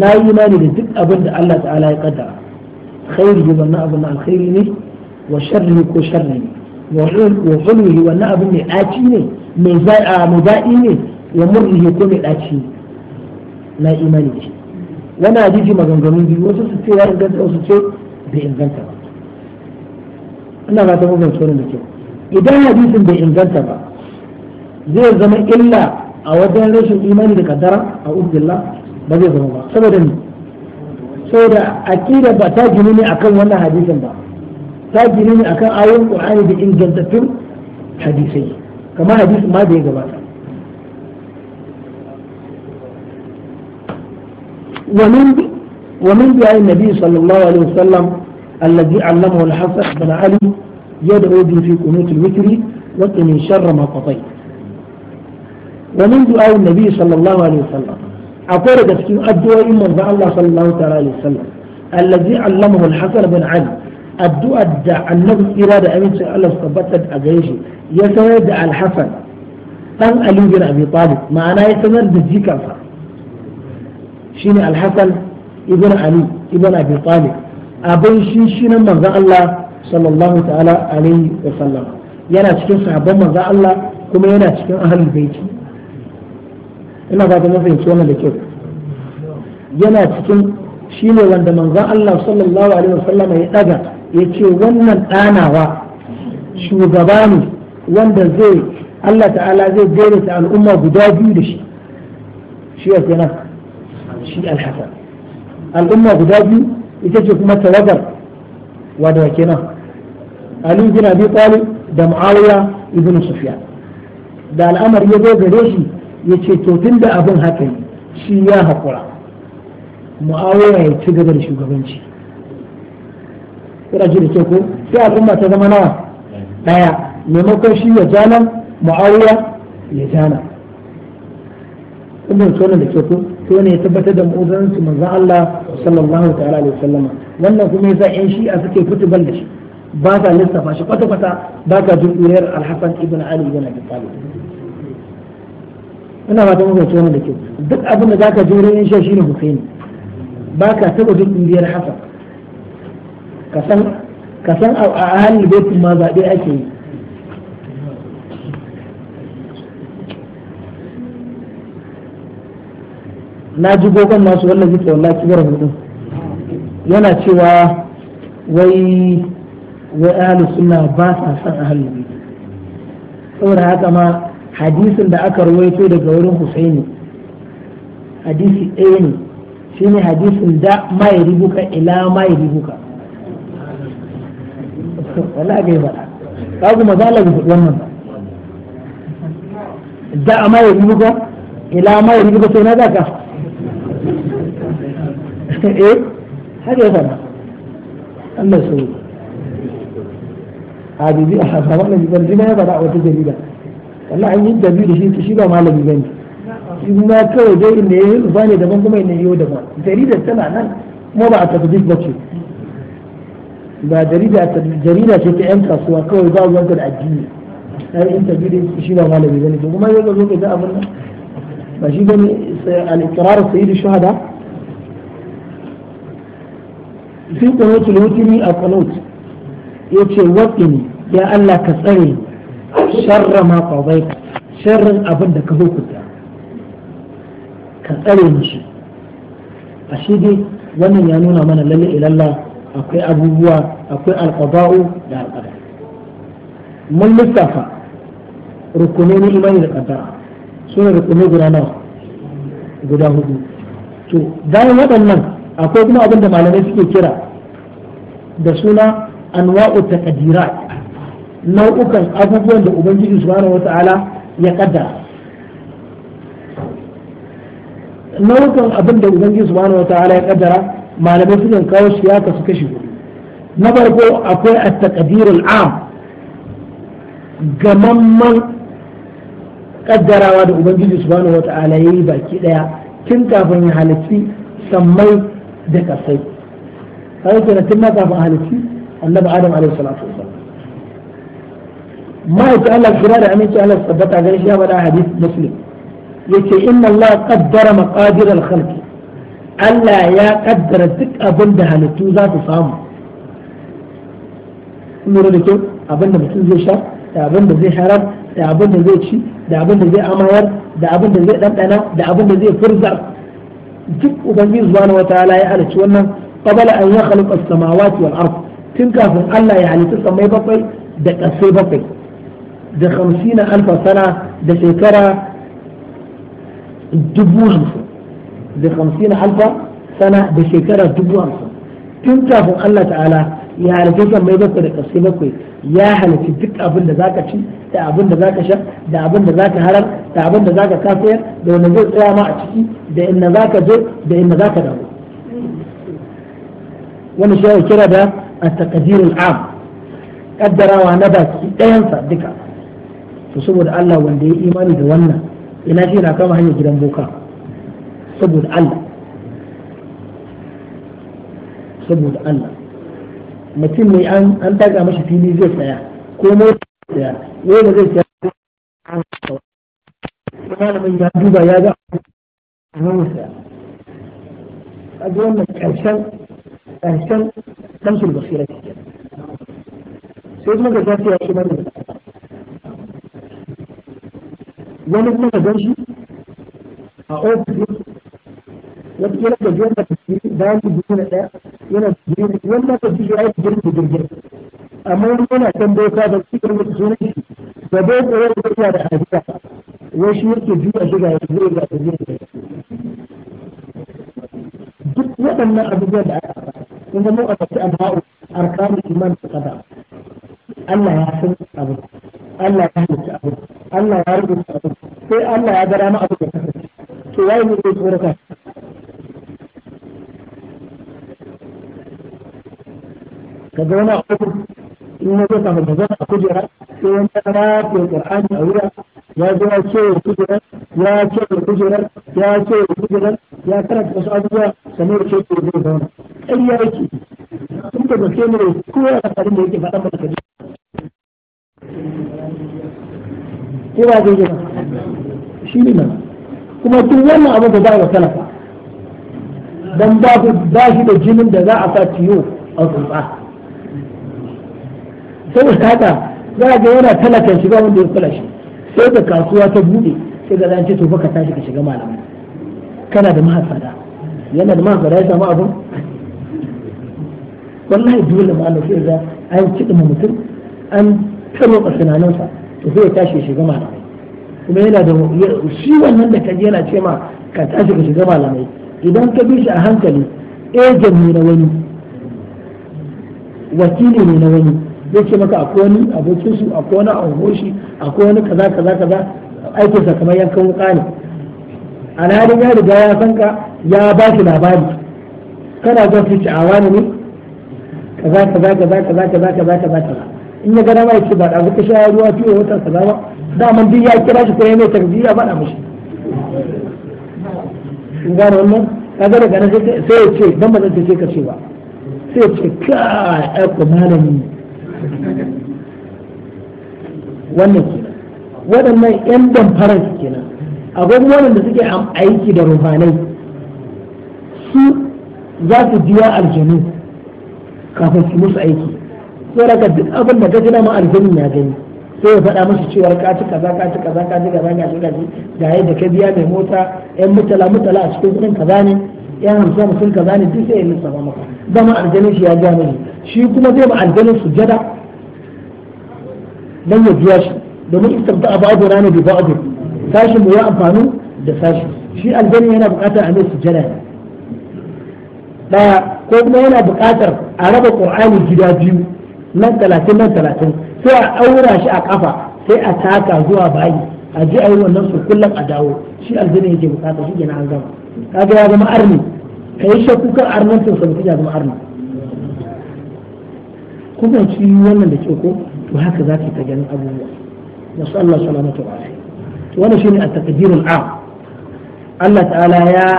لا إيمان لدك أبدا الله تعالى قدر خيره وانا أبنى الخير وشره كشره وحلوه وانا أبنى آتيني مزائني ومره كون آتيني لا إيمان لدك وانا أجيجي مغنغمين بي وسوسي لا إنغانتا وسوسي بإنغانتا ba ina ba ta mafi sauran da kyau idan hadisin bai inganta ba zai zama illa a wajen rashin imani da kaddara a ubdillah ba zai zama ba saboda ni saboda aqida ba ta gini ne akan wannan hadisin ba ta gini ne akan ayoyin qur'ani da ingantattun hadisai kamar hadisi ma da ya gabata ومن ومن دعاء النبي صلى الله عليه وسلم الذي علمه الحسن بن علي يدعو به في قنوت الوتر وقت من شر ما قضيت wa min du'a nabi sallallahu alaihi wasallam akwai daga cikin addu'o'in manzon Allah sallallahu ta'ala alaihi wasallam allazi allamahu al-hasan bin ali addu'a da annabi tsira da amincin Allah su tabbata a gare shi ya sanar da al-hasan dan ali bin abi ma'ana ya sanar da jikansa shine al-hasan ibn ali ibn abi talib abin shi shi nan manzon Allah sallallahu alaihi wa yana cikin sahabban manzon Allah kuma yana cikin ahlul baiti ina ba da mafahimci wannan da kyau yana cikin shi ne wanda manzan Allah sallallahu alaihi wasallama ya daga ya ce wannan ɗanawa shugaba ne wanda zai Allah ta'ala zai daidaita al'umma guda biyu da shi shi ya kenan shi alhassan al'umma guda biyu ita ce kuma tawagar wadda kenan Ali bin Abi Talib da Muawiya ibn Sufyan da al'amari ya zo gare shi ya ce to tun da abin haka yi shi ya haƙura mu'awara ya ci gaba da shugabanci kuna ji da ke ko sai abin ba ta zama nawa ɗaya maimakon shi ya jana mu'awara ya jana kuma wannan da ke ko to ne ya tabbatar da mu'udansu manzan Allah sallallahu ta'ala alaihi wasallama wannan kuma yasa yan shi'a suke fitubal da shi ba sa lissafa shi kwata-kwata ba ka jin ɗuriyar alhassan ibn ali ibn abi talib ina ba ta mafarci wani da kyau duk abin da ka je wurin shi ne husaini ba ka taba duk biyar hasa ka san a halin baitin ma zaɓe ake yi na ji gogon masu wannan zuke wallahi kibar hudu yana cewa wai wai ahalus sunna ba sa san ahalul saboda haka ma hadisin da aka rawaito daga wurin husaini hadisi ɗaya ne shi ne hadisin da ma ya ribuka ila ma ya ribuka wala ga yi faɗa kagu maza Allah bai wannan ba da ma ya ribuka ila ma ya ribuka sai na zaka <laughs> eh haka ya faɗa Allah sauyi a bibi a hasawa na bibi ya bada a wata jarida wallahi an yi dabi da shi shi ba malami bane shi ma kawai dai inda yayi ba ne daban kuma inda yayi daban jaridar tana nan kuma ba a tafsir ba ce ba jarida jarida ce ta yan kasuwa kawai ba ruwan da addini har in tabi shi ba malami bane to kuma yau ka zo ka ga abin nan ba shi bane al-iqrar sayyid shuhada fi qanatul wutri a qanut yace waqini ya Allah ka tsare ni sharra ma qadaita sharrin abin da ka hukunta ka tsare shi a shi dai wannan ya nuna mana lalle ilalla akwai abubuwa akwai alqada'u da alqada mun lissafa rukunin imani da qaddara suna rukunai guda nawa guda hudu to bayan waɗannan akwai kuma abin da malamai suke kira da suna anwa'u taqdirat nau'ukan abubuwan da ubangiji subhanahu wata'ala ya kaddara nau'ukan abin da ubangiji subhanahu wata'ala ya kaddara malamai sukan kawo shi ya kasu kashi hudu na farko akwai at-taqdirul am gamamman kaddarawa da ubangiji subhanahu wata'ala ya yi baki daya tun kafin ya halitti sammai da kasai har tun na kafin halitti annabi adam alaihi salatu ma'aikin Allah kira da aminci Allah tabbata gare shi ya bada hadith muslim yace inna Allah qaddara maqadir al-khalqi Allah ya kaddara duk abin da halittu za su samu lura da kyau abin da mutum zai sha da abin da zai harar da abin da zai ci da abin da zai amayar da abin da zai ɗanɗana da abin da zai furza duk ubangiji subhanahu wataala ya halicci wannan qabala an yakhluqa as-samawati wal ard tun kafin Allah ya halitta samai bakwai da ƙasai bakwai da hamsina alfa sana da shekara dubu hamsin da hamsina alfa sana da shekara dubu hamsin tun kafin Allah ta'ala ya halice kan mai bakwai da ƙarshe bakwai ya halici duk abin da zaka ci da abin da zaka sha da abin da zaka harar da abin da zaka kafiyar da wanda zai tsaya ma a ciki da inda zaka je da inda zaka dawo wani shi ya kira da a takadirul am kaddarawa na baki ɗayansa duka to saboda Allah wanda ya imani da wannan ina shi na kama hanyar gidan boka saboda Allah saboda Allah mutum ne an daga mashi fili zai tsaya ko mota tsaya wai da zai tsaya malamin ya duba ya ga ruwansa a ga wannan ƙarshen ƙarshen ɗan basira ke sai kuma ga zafi ya shi mara wani kuma gan shi a ofis wata kila da biyar da tafi bayan dubu na ɗaya yana jirgin wanda ka ji ya yi jirgin jirgin amma wani yana kan doka da su kan wata sunan shi da bai tsaye da tafiya da ajiya wai shi yake juya shiga ya zai ga tafiya da duk waɗannan abubuwan da aka faɗa sun zama a tafi a ba'u arkanin iman da kada Allah ya san abu Allah ya rubuta abu Allah ya rubuta abu sai Allah ya gara ma abu da kasance to wai ne zai tsorata ka zauna a kudu in ya zai da zama a kujera sai wani ya rafe Qur'ani a wuya ya zo ya ce wa kujerar ya ce wa kujerar ya ce wa kujerar ya karanta wasu abubuwa sannan ya ce wa zai zauna ƙarya yake tun da gaske ne kowa ya faɗin da yake faɗa mana kaji ba zai shi ne nan kuma tun wannan abin da za a yi talafa don ba shi da jinin da za a sa ciwo a sai saboda haka za a ga yana talakan shiga wanda ya kula shi sai da kasuwa ta bude sai da zan tofa ka tashi ka shiga malamai kana da mahasada yana da mahasada ya samu abin wallahi dole malam sai da an kiɗa mutum an tarwatsa tunaninsa to sai ya tashi ya shiga malamai kuma yana da shi wannan da kaji yana ce ma ka tashi ka shiga malamai idan ka bi shi a hankali ejen ne na wani wakili ne na wani zai ce maka akwai wani abokin su akwai wani anhoshi akwai wani kaza kaza kaza sa kamar yankan wuka ne alhalin ya riga ya san ka ya ba shi labari kana ga su ci awa ne kaza kaza kaza kaza kaza kaza kaza kaza in ya gana mai ce ba da ka sha ruwa fiye wata kaza ba daman duk ya kira shi kuma mai tarbiyya da mushi in gane wannan kaga daga nan sai ya ce dan ba zan ce ka ce ba sai ya ce kai ai ko malami wannan ke waɗannan yan damfarar kenan akwai waɗanda suke aiki da ruhanai su za su biya aljanu kafin su musu aiki sai raka duk abin da ka ji ya gani sai ya faɗa masa cewa ka ci kaza ka ci kaza ka ci kaza ka ci kaza ga yadda ka biya mai mota yan mutala mutala a cikin kudin kaza ne yan hamsin mutum kaza ne duk sai ya ba maka ma aljanin shi ya ja mai shi kuma zai ma aljanin sujada don ya biya shi domin ta abu na da bi abu sashi mu ya amfanu da sashi shi aljani yana buƙatar a mai sujada ne ɗaya ko kuma yana buƙatar a raba qur'ani gida biyu nan talatin nan talatin sai a aura shi a kafa sai a taka zuwa bayi a ji ayi wannan su kullum a dawo shi aljini yake bukata shi gina an zama kaga ya zama arni kai shakku kan arnin sa sabu ya zama arni kuma ci wannan da ke ko to haka za ta gani abubuwa su Allah salamatu wa to wannan shine a taqdirul a Allah ta'ala ya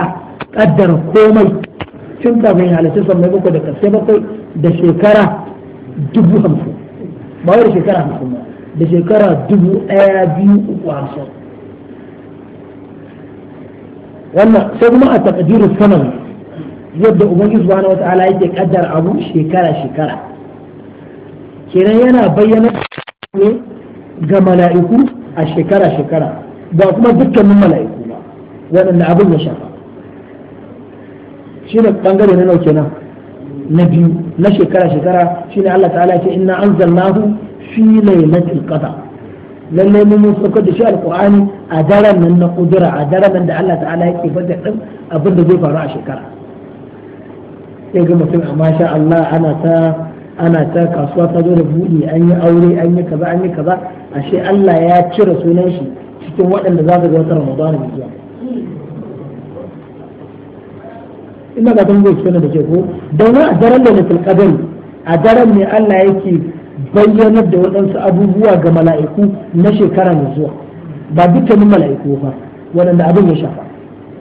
kaddara komai tun kafin halittu sammai bakwai da karshe bakwai da shekara dubu hamsin ba wai da shekara hamsin ba da shekara dubu ɗaya biyu uku hamsin wannan sai kuma a takadirin sanar yadda ubangiji subhanahu ala yake kaddara abu shekara shekara kenan yana bayyana ne ga mala'iku a shekara shekara ba kuma dukkanin mala'iku ba waɗanda abin ya shafa shi da bangare na nauke kenan na biyu na shekara shekara shine Allah ta'ala ce ina anzalnahu fi lailatul qadr lalle mun mun saukar da shi alqur'ani a daren nan na kudura a daren nan da Allah ta'ala yake bada din abin da zai faru a shekara sai ga mutum amma ah, sha Allah ana ta ana ta kasuwa ta zo da buɗe an yi aure an yi kaza an yi kaza ashe Allah ya cire sunan shi cikin waɗanda za su ga wata Ramadan mai zuwa ina ga ban zai da ke ko wani a daren lailatul qadr a daren ne Allah yake bayyanar da waɗansu abubuwa ga mala'iku na shekara mai zuwa ba dukkanin mala'iku ba waɗanda abin ya shafa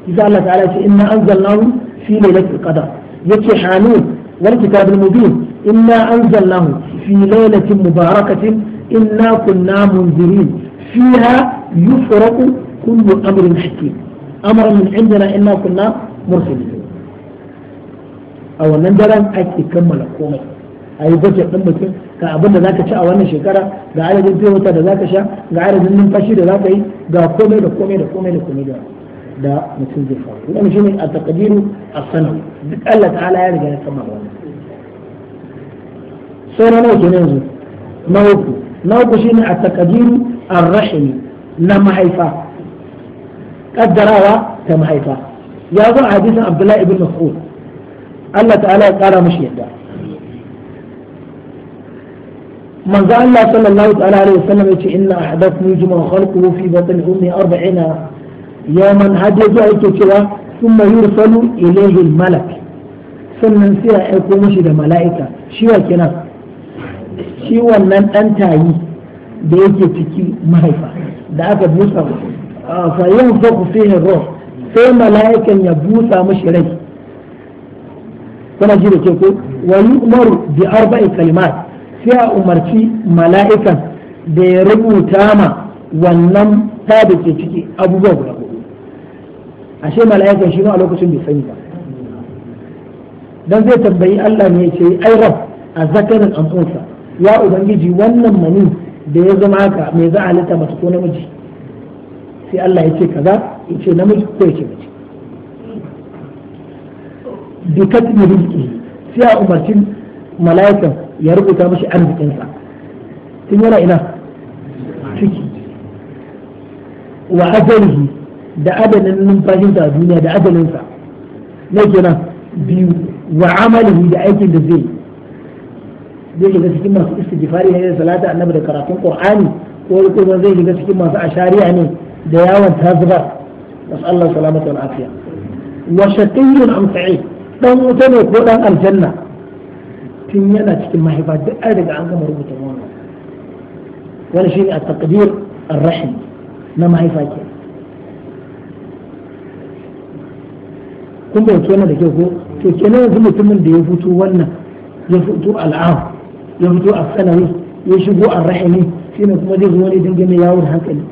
isa Allah ta'ala ce inna anzalnahu fi lailatul qadr yace hanun wal kitabil mubin inna anzalnahu fi lailatin mubarakatin inna kunna munzirin fiha yufraqu kullu amrin hakim amran min indina inna kunna mursalin a wannan daren ake kammala komai a yi budget ɗin mutum ga abin da za ka ci a wannan shekara ga adadin fiye da za ka sha ga adadin numfashi da za ka yi ga komai da komai da komai da komai da da mutum zai faru wannan shine a taqdiru as-sanaw duk Allah ta'ala ya riga ya kammala wannan sai na nawa kenan yanzu na uku na uku shi ne a taqdiru a rahimi na mahaifa kaddarawa ta mahaifa ya zo a hadisin Abdullahi ibn Mas'ud Allah ta'ala ya kara mashi yadda manzo Allah sallallahu ta'ala alaihi wasallam yace inna ahadakum yujma khalquhu fi batni ummi 40 yawman hadda zuwa yake cewa thumma yursalu ilayhi al-malak sannan sai ya aiko mashi da mala'ika shi wa kenan shi wannan dan tayi da yake ciki mahaifa da aka busa fa yin ku fihi ruh sai mala'ikan ya busa mashi rai kuna ji da ke ko wani umaru bi arba'i kalimat sai a umarci mala'ikan da ya rubuta ma wannan ta da ke ciki abubuwa guda hudu ashe mala'ikan shi ma a lokacin bai sani ba dan zai tambayi Allah ne ya ce ai rab a zakarin amunsa ya ubangiji wannan mani da ya zama haka mai za a halitta mace ko namiji sai Allah ya ce kaza ya ce namiji ko ya ce mace bi katmi rizqi sai a umarcin mala'ikan ya rubuta mashi arzikinsa tun yana ina ciki wa ajalihi da adalin numfashinsa a duniya da adalinsa na kenan biyu wa amalihi da aikin da zai zai shiga cikin masu istighfari ne da salata annabi da karatun qur'ani ko kuma zai shiga cikin masu ashariya ne da yawon tazubar wasu Allah salamata wal afiya wa shaqiyyun am sa'id dan wuta ne ko dan aljanna tun yana cikin mahaifa duk ai daga an gama rubuta wannan wani shi ne a taqdir ar-rahim na mahaifa ke kun bai wannan da ke ko to kenan yanzu mutumin da ya fito wannan ya fito al'am ya fito a sanawi ya shigo a rahimi shi ne kuma zai zuwa wani dinga mai yawon hankali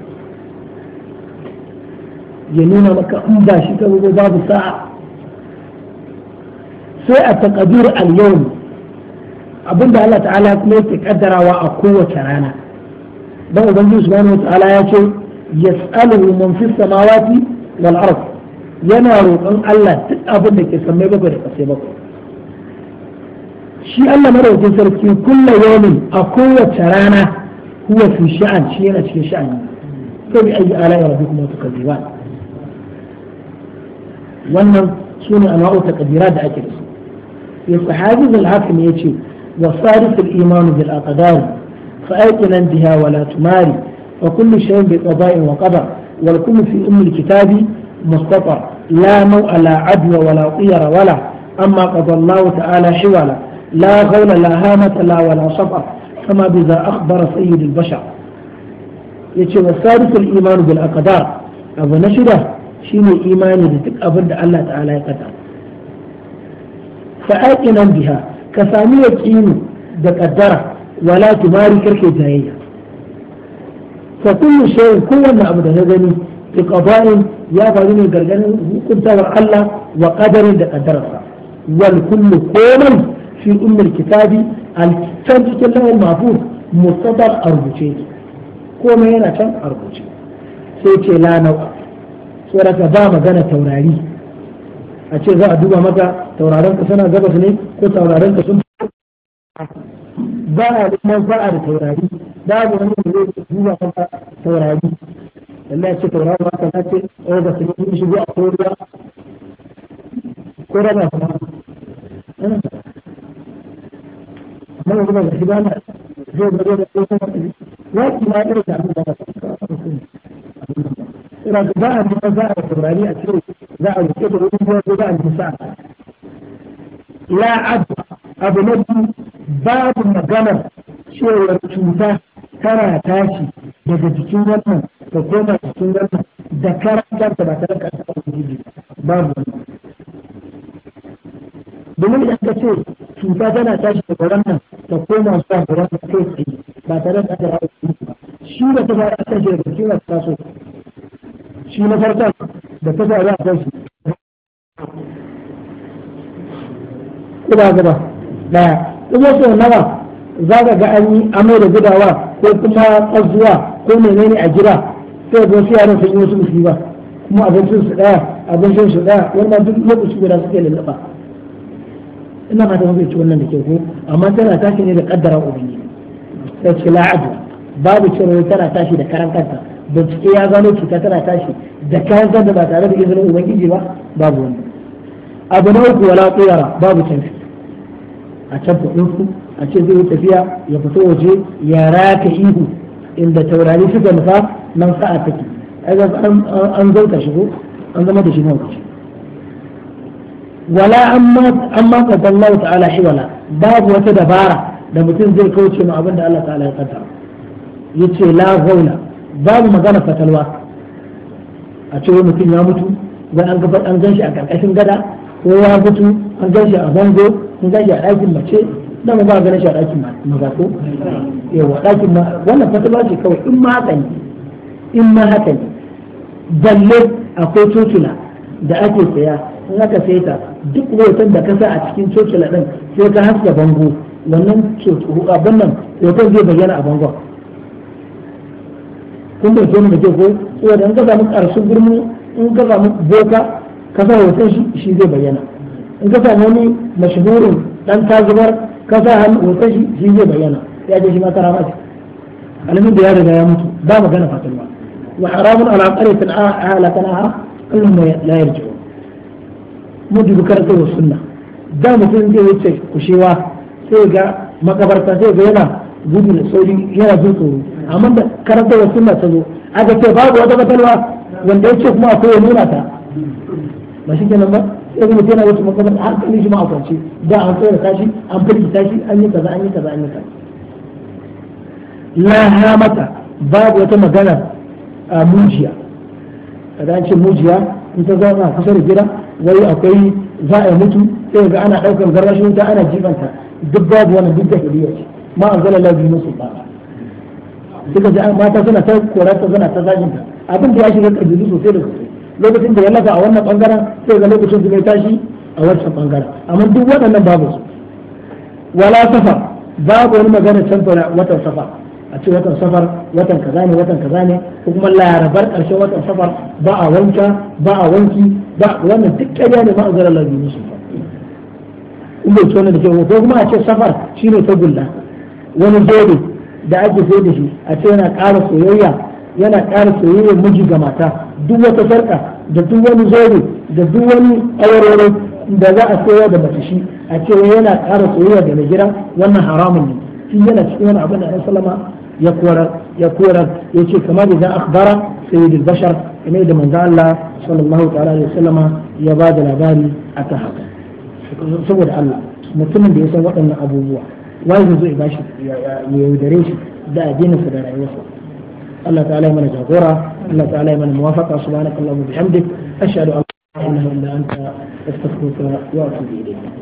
ya nuna maka in ba shi ka babu sa'a sai a takadir al-yawm abinda Allah ta'ala kuma yake kaddarawa a kowace rana dan ubangiji subhanahu ta'ala ya ce yas'aluhu man fis samawati wal ard yana roƙon Allah duk abin da ke sammai bakwai da ƙasai bakwai shi Allah madaukakin sarki kullu yawmin a kowace rana huwa fi sha'an shi yana cikin sha'ani ko bi ayi ala rabbikum tukadiban wannan sune anwa'u takdirat da ake da su يتحاجز الحكم يتي وصارف الإيمان بالأقدار فأيقنا بها ولا تماري وكل شيء بقضاء وقدر والكل في أم الكتاب مستطر لا موء لا عدو ولا طير ولا أما قضى الله تعالى حولا لا غول لا هامة لا ولا صفر كما بذا أخبر سيد البشر يتي وصارف الإيمان بالأقدار أبو نشده شيء إيمان لتك أبدا الله تعالى يقدر fa'aqinan biha ka sami yaqini da qaddara wala tumari karke jayayya fa kullu shay kullu abu da gani fi qada'in ya faru ne gargadin hukuntawar Allah wa qadarin da qaddarsa wal kullu kullun fi ummul kitabi al kitab kullu mahfuz a arbuce kome yana can arbuce sai ce la nau sai daga ba magana taurari a ce za a duba maka tauraron ka suna gabas ne ko tauraron ka sun ba a neman fara da taurari babu wani da zai duba maka taurari Allah ce taurari ba ka ce o oh, ga su shigo a koriya ko rana ba mana zuba da shiga na zai gare da ko kuma ya ki ma irin da abin da ba ina da za a ji za a saurari a cire za a rike da wurin ba ko za a ji sa la abu abu na biyu babu magana cewa cuta tana tashi daga jikin wannan da koma jikin wannan da karantar da ba ta da ka taɓa babu wannan domin idan ka ce cuta tana tashi da garan nan ta koma a garan da kai tsaye ba tare da ta ba shi da ta fara kan shi da ke taso shi na farkon da ta fara kan shi kuma gaba daya kuma sau nawa za ka ga an yi amai da gudawa ko kuma tsazuwa ko menene a gida sai ga wasu yaran sun yi wasu ba kuma abincin su daya abincin su daya wannan duk lokaci guda suke lallaba ina ba ta mafi ci wannan da ke ko amma tana tashi ne da kaddara ubangiji ta ce la'adu babu cewa tana tashi da karan kanta bincike ya gano cuta tana tashi da kayan da ba tare da izinin ubangiji ba babu wani abu na uku wala tsira babu canfi a can kuɗinku a ce zai tafiya ya fito waje ya raka ihu inda taurari suka nufa nan sa'a take an zauka shigo an zama da shi mawukaci wala amma qadar Allah ta'ala hiwala babu wata dabara da mutum zai kauce ma abin da Allah ta'ala ya kaddara yace la haula babu magana fatalwa a ce mutum ya mutu wani an gabar an ganshi a karkashin gada ko ya mutu an ganshi a bango an ganshi a ɗakin mace da ba a ganin shi a ɗakin maza ko yawa ɗakin ma wannan fatalwa ce kawai in ma haka ne in ma haka ne balle akwai cocula da ake saya in aka saita duk hoton da ka sa a cikin cokila din sai ka haska bango wannan abin nan hoton zai bayyana a bangon kun bai tona da ke ko saboda in ka samu karshen gurmi in ka samu boka ka sa hoton shi zai bayyana in ka samu wani mashahurin dan tazubar ka sa hoton shi shi zai bayyana ya je shi ma mace ce alamin da ya riga ya mutu ba magana fatima wa haramun ala qaryatin a halakanaha kullum la yarji'u mu dubi karantarwa sunna da mutum zai wuce kushewa sai ga makabarta sai ga yana gudu da sauri yana jin tsoro amma da karantarwa sunna ta zo aka ce babu wata batalwa wanda ya ce kuma akwai ya nuna ta ba shi kenan ba sai mutum yana wuce makabarta har kalli shi ma a kwance da an tsoro tashi an firgita tashi an yi kaza an yi kaza an yi kaza la babu wata magana a mujiya kaga an ce mujiya in ta zauna kusa da gida wai akwai za a mutu sai ga ana daukar garrashin ta ana jifanta duk babu wani duk jahiliya ce ma anzalallahu bi musu ba suka ji mata suna ta korarta suna ta zagin ta abin da ya shiga kabilu sosai da sosai lokacin da ya lafa a wannan bangaren sai ga lokacin da ya tashi a wancan bangaren amma duk waɗannan babu su wala safa babu wani magana can watan safa a ce watan safar watan kaza ne watan kaza ne ko kuma larabar karshen watan safar ba a wanka ba a wanki ba wannan duk ƙarya ne ba a zara lafi musu in bai tona da kyau ko kuma a ce safar shine ta gulla wani dole da ake sai da shi a ce yana ƙara soyayya yana ƙara soyayya miji ga mata duk wata sarƙa da duk wani zobe da duk wani da za a koya da mace shi a ce yana ƙara soyayya da mai gida wannan haramun ne shi yana cikin wani abin da Annabi salama. يكون يكون كما إذا أخبر سيد البشر إن إذا من قال الله صلى الله تعالى عليه وسلم يا يباد الأباني أتحق سبب الله متمن بيسا وقلنا أبو بوا وإذا زوء باشر يدريش دا دين سدر الله تعالى من جغورة الله تعالى من موافقة سبحانك الله وبحمدك أشهد أن لا إله إلا أنت أستغفرك وأتوب إليك